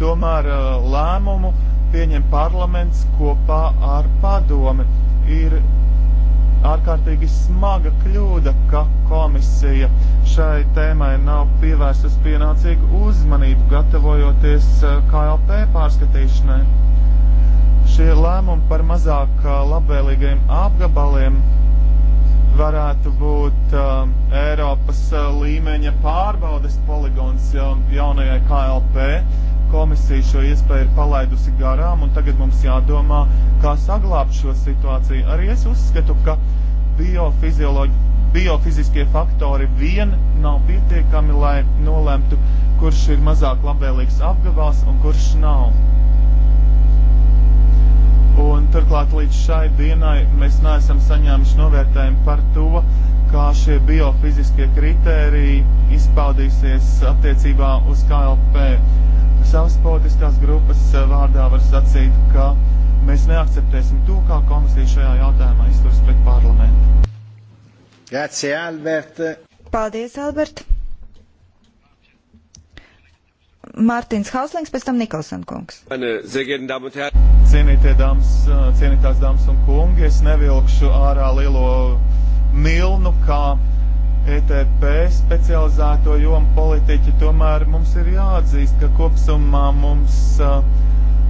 tomēr lēmumu pieņem parlaments kopā ar padomi. Ir ārkārtīgi smaga kļūda, ka komisija šai tēmai nav pievērsus pienācīgu uzmanību, gatavojoties eh, KLP pārskatīšanai. Šie lēmumi par mazāk eh, labvēlīgiem apgabaliem varētu būt uh, Eiropas līmeņa pārbaudes poligons jaunajai KLP, Komisija šo iespēju ir palaidusi garām, un tagad mums jādomā, kā saglābt šo situāciju. Arī es uzskatu, ka biofiziskie faktori vien nav pietiekami, lai nolemtu, kurš ir mazāk labvēlīgs apgabals un kurš nav. Un turklāt līdz šai dienai mēs neesam saņēmuši novērtējumu par to, kā šie biofiziskie kritēriji izpaudīsies attiecībā uz KLP. Savas politiskās grupas eh, vārdā var sacīt, ka mēs neakceptēsim to, kā komisija šajā jautājumā izturs pret parlamentu. Grazie, Albert. Paldies, Albert. Mārtiņš Hauslings, pēc tam Nikolson kungs. Cienītie dāmas, eh, cienītās dāmas un kungi, es nevilkšu ārā lielo milnu, kā ETP specializēto jomu politiķi, tomēr mums ir jāatzīst, ka kopsumā mums uh,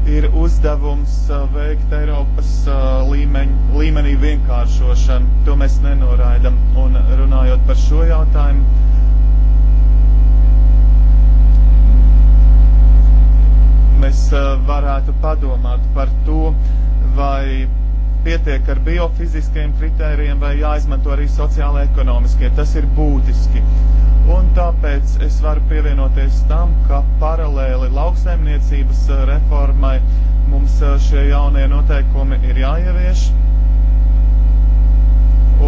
ir uzdevums uh, veikt Eiropas uh, līmeņ, līmenī vienkāršošanu. To mēs nenoraidam. Un runājot par šo jautājumu, mēs uh, varētu padomāt par to, vai pietiek ar biofiziskiem kritērijiem vai jāizmanto arī sociāla-ekonomiskie. Tas ir būtiski. Un tāpēc es varu pievienoties tam, ka paralēli lauksaimniecības eh, reformai mums eh, šie jaunie noteikumi ir jāievieš.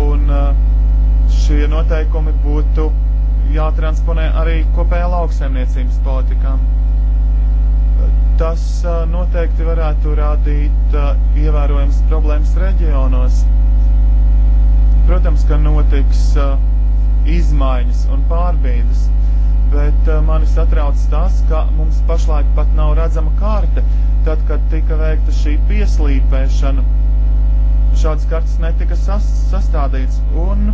Un eh, šie noteikumi būtu jātransponē arī kopējā lauksaimniecības politikām. Tas noteikti varētu rādīt ievērojams problēmas reģionos. Protams, ka notiks izmaiņas un pārbīdes, bet mani satrauc tas, ka mums pašlaik pat nav redzama karte, tad, kad tika veikta šī pieslīpēšana šādas kartes netika sas, sastādīts. Un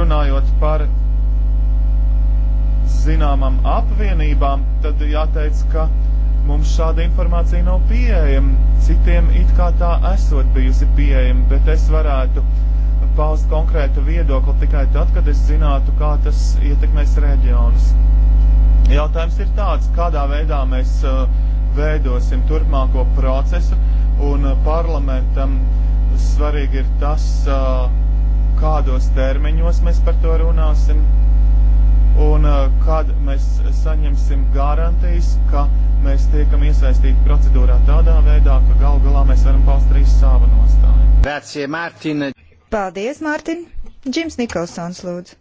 runājot par zināmām apvienībām, tad jāteic, ka Mums šāda informācija nav pieejama, citiem it kā tā esot bijusi pieejama, bet es varētu paust konkrētu viedokli tikai tad, kad es zinātu, kā tas ietekmēs reģionus. Jautājums ir tāds, kādā veidā mēs uh, veidosim turpmāko procesu, un uh, parlamentam svarīgi ir tas, uh, kādos termiņos mēs par to runāsim un uh, kad mēs saņemsim garantijas, ka mēs tiekam iesaistīti procedūrā tādā veidā, ka gal galā mēs varam paust arī savu nostāju. Grazie, Mārtiņa! Paldies, Mārtiņ! Džims Nikolsons lūdzu.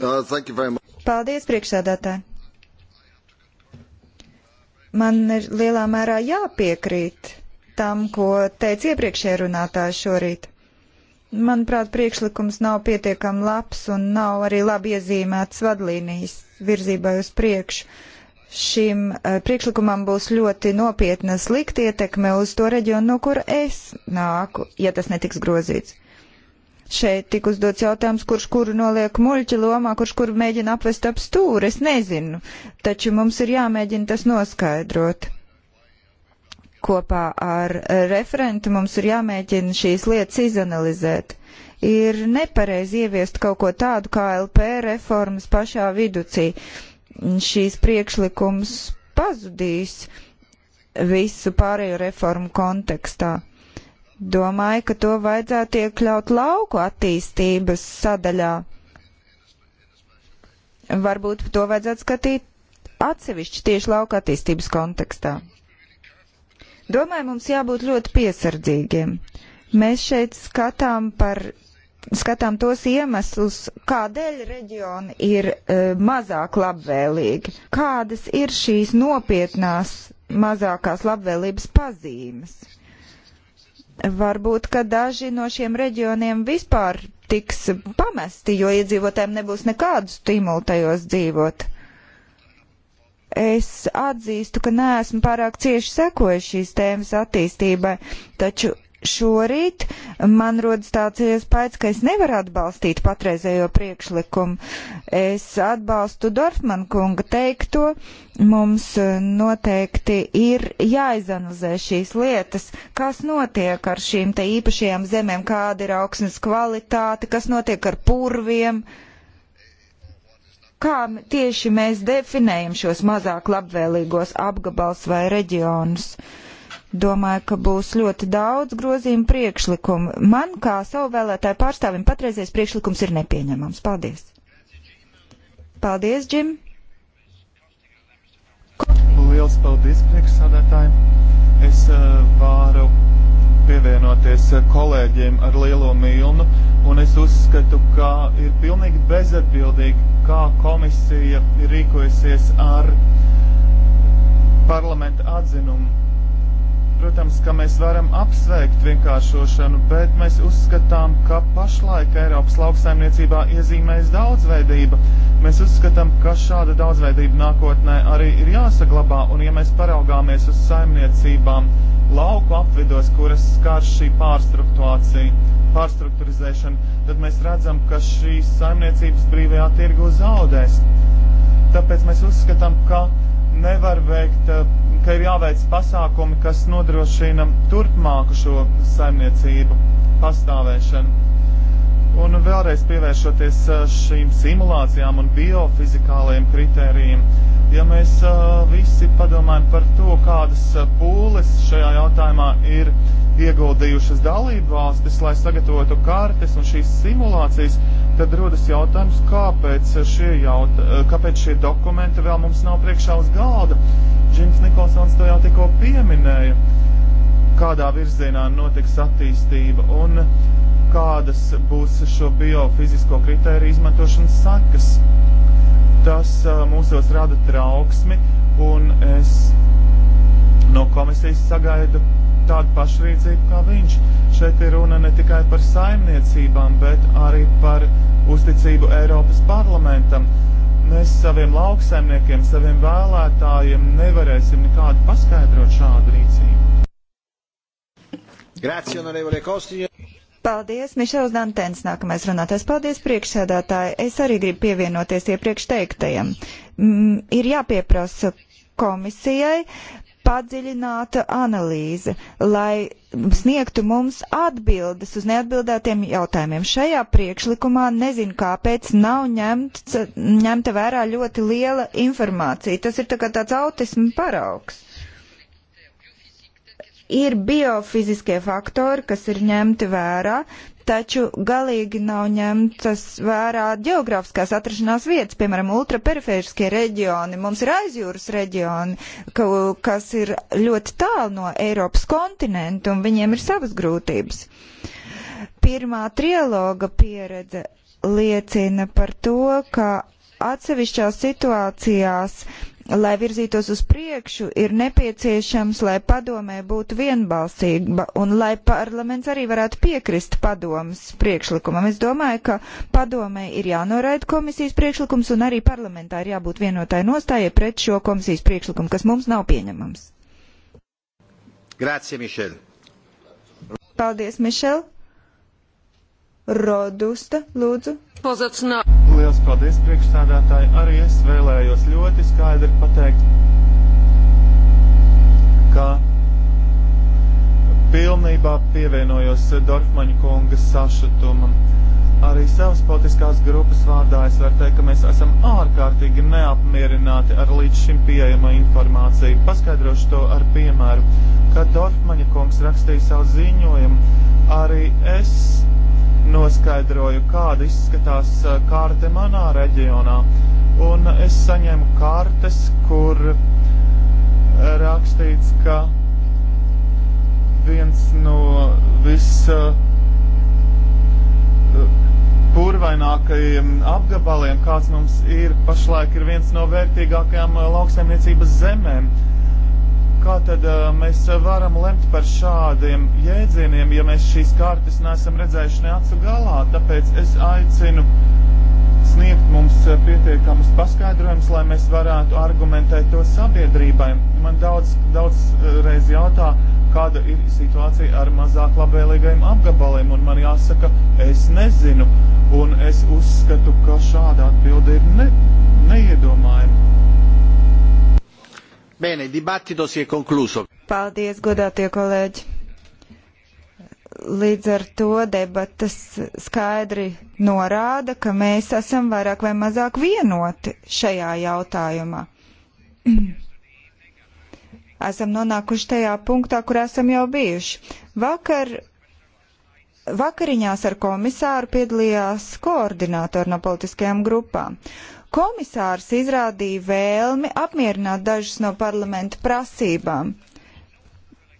Uh, Paldies, priekšsēdētāji! Man ir lielā mērā jāpiekrīt tam, ko teica iepriekšējā runātāja šorīt. Manuprāt, priekšlikums nav pietiekami labs un nav arī labi iezīmēts vadlīnijas virzībai uz priekšu. Šim uh, priekšlikumam būs ļoti nopietna slikta ietekme uz to reģionu, no kura es nāku, ja tas netiks grozīts. Šeit tik uzdots jautājums, kurš kuru noliek muļķi lomā, kurš kuru mēģina apvest ap stūri, es nezinu, taču mums ir jāmēģina tas noskaidrot. Kopā ar referentu mums ir jāmēģina šīs lietas izanalizēt. Ir nepareizi ieviest kaut ko tādu kā LP reformas pašā viducī. Šīs priekšlikums pazudīs visu pārējo reformu kontekstā. Domāju, ka to vajadzētu iekļaut lauku attīstības sadaļā. Varbūt to vajadzētu skatīt atsevišķi tieši lauka attīstības kontekstā. Domāju, mums jābūt ļoti piesardzīgiem. Mēs šeit skatām par skatām tos iemeslus, kādēļ reģioni ir uh, mazāk labvēlīgi, kādas ir šīs nopietnās mazākās labvēlības pazīmes. Varbūt, ka daži no šiem reģioniem vispār tiks pamesti, jo iedzīvotājiem nebūs nekādu stimulu tajos dzīvot. Uh, Es atzīstu, ka neesmu pārāk cieši sekojuši šīs tēmas attīstībai, taču šorīt man rodas tāds iespējas, ka es nevaru atbalstīt patreizējo priekšlikumu. Es atbalstu Dorfman kunga teikto. Mums noteikti ir jāizanalizē šīs lietas, kas notiek ar šīm te īpašajām zemēm, kāda ir augsnes kvalitāte, kas notiek ar purviem. Uh, kā tieši mēs definējam šos mazāk labvēlīgos apgabals vai reģionus. Domāju, ka būs ļoti daudz grozījumu priekšlikumu. Man, kā savu vēlētāju pārstāvim, patreizies priekšlikums ir nepieņemams. Paldies! Paldies, Džim! Liels paldies priekšsādātājiem! Es uh, vāru pievienoties eh, kolēģiem ar lielo mīlnu, un es uzskatu, ka ir pilnīgi bezatbildīgi, kā komisija rīkojasies ar parlamenta atzinumu Protams, ka mēs varam apsveikt vienkāršošanu, bet mēs uzskatām, ka pašlaik Eiropas lauksaimniecībā iezīmējas daudzveidība. Mēs uzskatām, ka šāda daudzveidība nākotnē arī ir jāsaglabā, un ja mēs paraugāmies uz saimniecībām lauku apvidos, kuras skar šī pārstruktuācija, pārstrukturizēšana, tad mēs redzam, ka šīs saimniecības brīvajā tirgu zaudēs. Tāpēc mēs uzskatām, ka nevar veikt eh, ka ir jāveic pasākumi, kas nodrošina turpmāku šo saimniecību pastāvēšanu. Un vēlreiz pievēršoties šīm simulācijām un biofizikālajiem kritērijiem, ja mēs visi padomājam par to, kādas pūles šajā jautājumā ir ieguldījušas dalību valstis, lai sagatavotu kartes un šīs simulācijas, tad rodas jautājums, kāpēc šie, jauta, eh, kāpēc šie dokumenti vēl mums nav priekšā uz galda. Džims Nikolsons to jau tikko pieminēja, kādā virzienā notiks attīstība un kādas būs šo biofizisko kritēriju izmantošanas sakas. Tas eh, mūsos rada trauksmi un es no komisijas sagaidu tādu pašrīdzību kā viņš. Šeit ir runa ne tikai par saimniecībām, bet arī par uzticību Eiropas parlamentam. Mēs saviem lauksaimniekiem, saviem vēlētājiem nevarēsim nekādu paskaidrot šādu rīcību. Grazie, onorevole Kostiņa. Paldies, Mišels Dantens, nākamais runātājs. Paldies, priekšsēdātāji. Es arī gribu pievienoties iepriekš teiktajam. Mm, ir jāpieprasa komisijai padziļināta analīze, lai sniegtu mums atbildes uz neatbildētiem jautājumiem. Šajā priekšlikumā nezinu, kāpēc nav ņemts, ņemta vērā ļoti liela informācija. Tas ir tā kā tāds autismu paraugs. Ir biofiziskie faktori, kas ir ņemti vērā, taču galīgi nav ņemtas vērā geogrāfiskās atrašanās vietas, piemēram, ultraperifēriskie reģioni. Mums ir aizjūras reģioni, ka, kas ir ļoti tālu no Eiropas kontinentu, un viņiem ir savas grūtības. Pirmā trialoga pieredze liecina par to, ka atsevišķās situācijās lai virzītos uz priekšu, ir nepieciešams, lai padomē būtu vienbalsība un lai parlaments arī varētu piekrist padomas priekšlikumam. Es domāju, ka padomē ir jānoraida komisijas priekšlikums un arī parlamentā ir jābūt vienotai nostājai pret šo komisijas priekšlikumu, kas mums nav pieņemams. Grācie, Mišel. Paldies, Mišel. Rodusta, lūdzu. Pozacinā. Liels paldies, priekšstādātāji. Arī es vēlējos ļoti skaidri pateikt, ka pilnībā pievienojos Dorfmaņa kunga sašutumam. Arī savas politiskās grupas vārdā es varu teikt, ka mēs esam ārkārtīgi neapmierināti ar līdz šim pieejamo informāciju. Paskaidrošu to ar piemēru, kad Dorfmaņa kungs rakstīja savu ziņojumu, arī es noskaidroju, kāda izskatās eh, kārte manā reģionā. Un es saņēmu kartes, kur eh, rakstīts, ka viens no vis eh, purvainākajiem apgabaliem, kāds mums ir pašlaik, ir viens no vērtīgākajām lauksaimniecības zemēm. Uh, Kā tad eh, mēs eh, varam lemt par šādiem jēdzieniem, ja mēs šīs kartes neesam redzējuši ne acu galā? Tāpēc es aicinu sniegt mums eh, pietiekamus paskaidrojumus, lai mēs varētu argumentēt to sabiedrībai. Man daudz, daudz reiz jautā, kāda ir situācija ar mazāk labvēlīgajiem apgabaliem, un man jāsaka, es nezinu, un es uzskatu, ka šāda atbilde ir ne, neiedomājama Bene, dibattito si è concluso. Paldies, godātie kolēģi. Līdz ar to debatas skaidri norāda, ka mēs esam vairāk vai mazāk vienoti šajā jautājumā. esam nonākuši tajā punktā, kur esam jau bijuši. Vakar vakariņās ar komisāru piedalījās koordinātori no politiskajām grupām. Komisārs izrādīja vēlmi apmierināt dažas no parlamenta prasībām.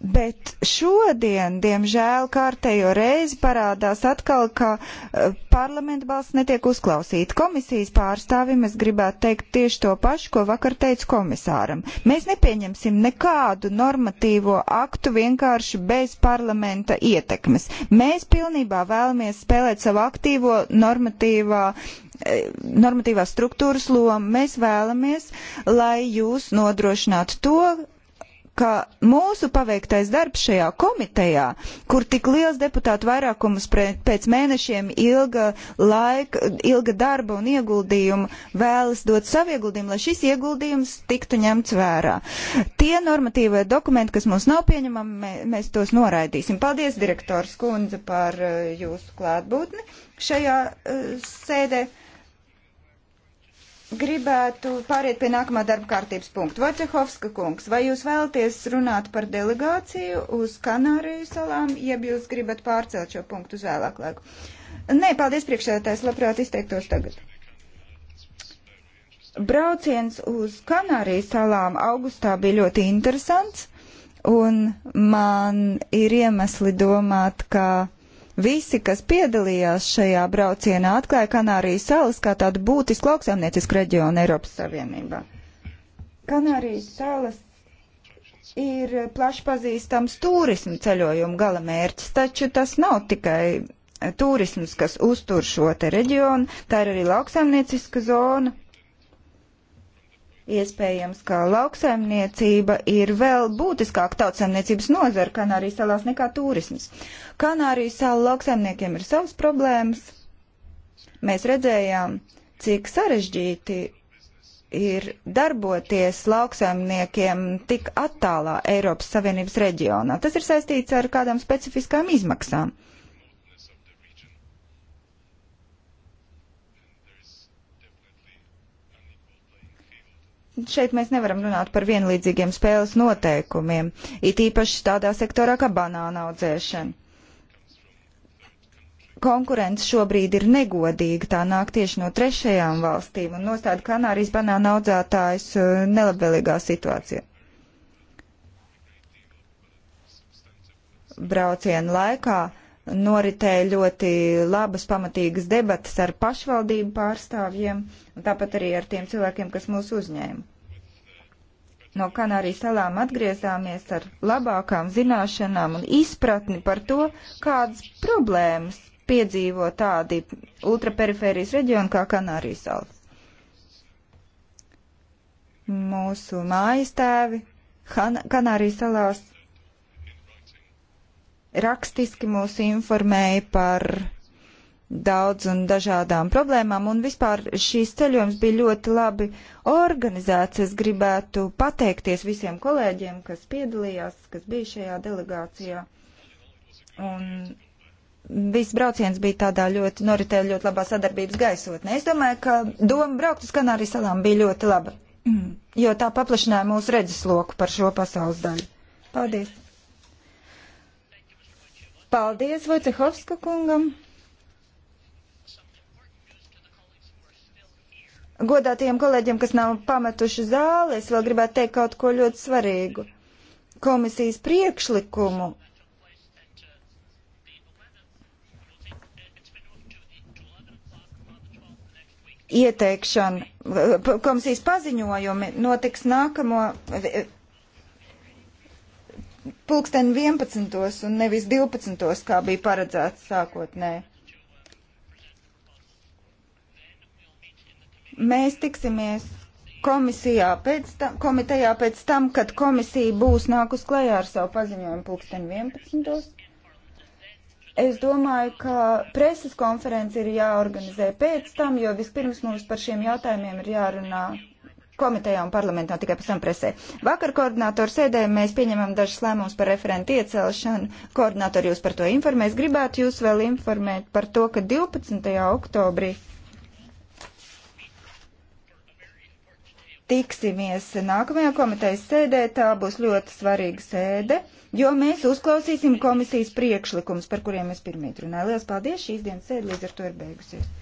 Bet šodien, diemžēl, kārtējo reizi parādās atkal, ka uh, parlamenta balss netiek uzklausīta. Komisijas pārstāvim es gribētu teikt tieši to pašu, ko vakar teicu komisāram. Mēs nepieņemsim nekādu normatīvo aktu vienkārši bez parlamenta ietekmes. Mēs pilnībā vēlamies spēlēt savu aktīvo normatīvā e, normatīvās struktūras loma. Mēs vēlamies, lai jūs nodrošinātu to, ka mūsu paveiktais darbs šajā komitejā, kur tik liels deputātu vairākums pēc mēnešiem ilga laika, ilga darba un ieguldījuma vēlas dot savu ieguldījumu, lai šis ieguldījums tiktu ņemts vērā. Tie normatīvie dokumenti, kas mums nav pieņemami, mēs tos noraidīsim. Paldies, direktors Kundze, par eh, jūsu klātbūtni šajā uh, sēdē gribētu pāriet pie nākamā darba kārtības punkta. Vacehovska kungs, vai jūs vēlaties runāt par delegāciju uz Kanāriju salām, jeb jūs gribat pārcelt šo punktu uz vēlāku laiku? Nē, paldies priekšsēdētājs, labprāt izteiktos tagad. Brauciens uz Kanārijas salām augustā bija ļoti interesants, un man ir iemesli domāt, ka Visi, kas piedalījās šajā braucienā, atklāja Kanārijas salas kā tādu būtisku lauksaimniecisku reģionu Eiropas Savienībā. Kanārijas salas ir plaši pazīstams turismu ceļojumu gala mērķis, taču tas nav tikai turisms, kas uztur šo te reģionu, tā ir arī lauksaimnieciska zona. Iespējams, ka lauksaimniecība ir vēl būtiskāka tautsaimniecības nozara Kanārijas salās nekā turisms. Kanārijas salu lauksaimniekiem ir savas problēmas. Mēs redzējām, cik sarežģīti ir darboties lauksaimniekiem tik attālā Eiropas Savienības reģionā. Tas ir saistīts ar kādām specifiskām izmaksām. Uh, šeit mēs nevaram runāt par vienlīdzīgiem spēles noteikumiem, it īpaši tādā sektorā kā banāna audzēšana. Konkurence šobrīd ir negodīga, tā nāk tieši no trešajām valstīm un nostāda Kanārijas banāna audzētājus uh, nelabvēlīgā situācijā. Brauciena laikā noritēja ļoti labas, pamatīgas debatas ar pašvaldību pārstāvjiem, un tāpat arī ar tiem cilvēkiem, kas mūs uzņēma. No Kanārijas salām atgriezāmies ar labākām zināšanām un izpratni par to, kādas problēmas piedzīvo tādi ultraperifērijas reģioni kā Kanārijas salas. Mūsu mājas tēvi Kanārijas salās rakstiski mūs informēja par daudz un dažādām problēmām, un vispār šīs ceļojums bija ļoti labi organizēts. Es gribētu pateikties visiem kolēģiem, kas piedalījās, kas bija šajā delegācijā. Un viss brauciens bija tādā ļoti, noritēja ļoti labā sadarbības gaisotnē. Es domāju, ka doma braukt uz Kanārijas salām bija ļoti laba, jo tā paplašināja mūsu redzesloku par šo pasaules daļu. Paldies! Paldies Vojcehovska kungam! Godātajiem kolēģiem, kas nav pametuši zāli, es vēl gribētu teikt kaut ko ļoti svarīgu. Komisijas priekšlikumu ieteikšana, komisijas paziņojumi notiks nākamo pulksten 11. un nevis 12. kā bija paredzēts sākotnēji. Mēs tiksimies komisijā pēc tam, komitejā pēc tam, kad komisija būs nākus klajā ar savu paziņojumu pulksten 11. Es domāju, ka preses konference ir jāorganizē pēc tam, jo vispirms mums par šiem jautājumiem ir jārunā komitejā un parlamentā, tikai pēc tam presē. Vakar koordinātoru sēdē mēs pieņemam dažas lēmumus par referentu iecelšanu. Koordinātori jūs par to informēs. Gribētu jūs vēl informēt par to, ka 12. oktobrī tiksimies nākamajā komitejas sēdē. Tā būs ļoti svarīga sēde, jo mēs uzklausīsim komisijas priekšlikums, par kuriem es pirmīt runāju. Lielas paldies! Šīs dienas sēde līdz ar to ir beigusies.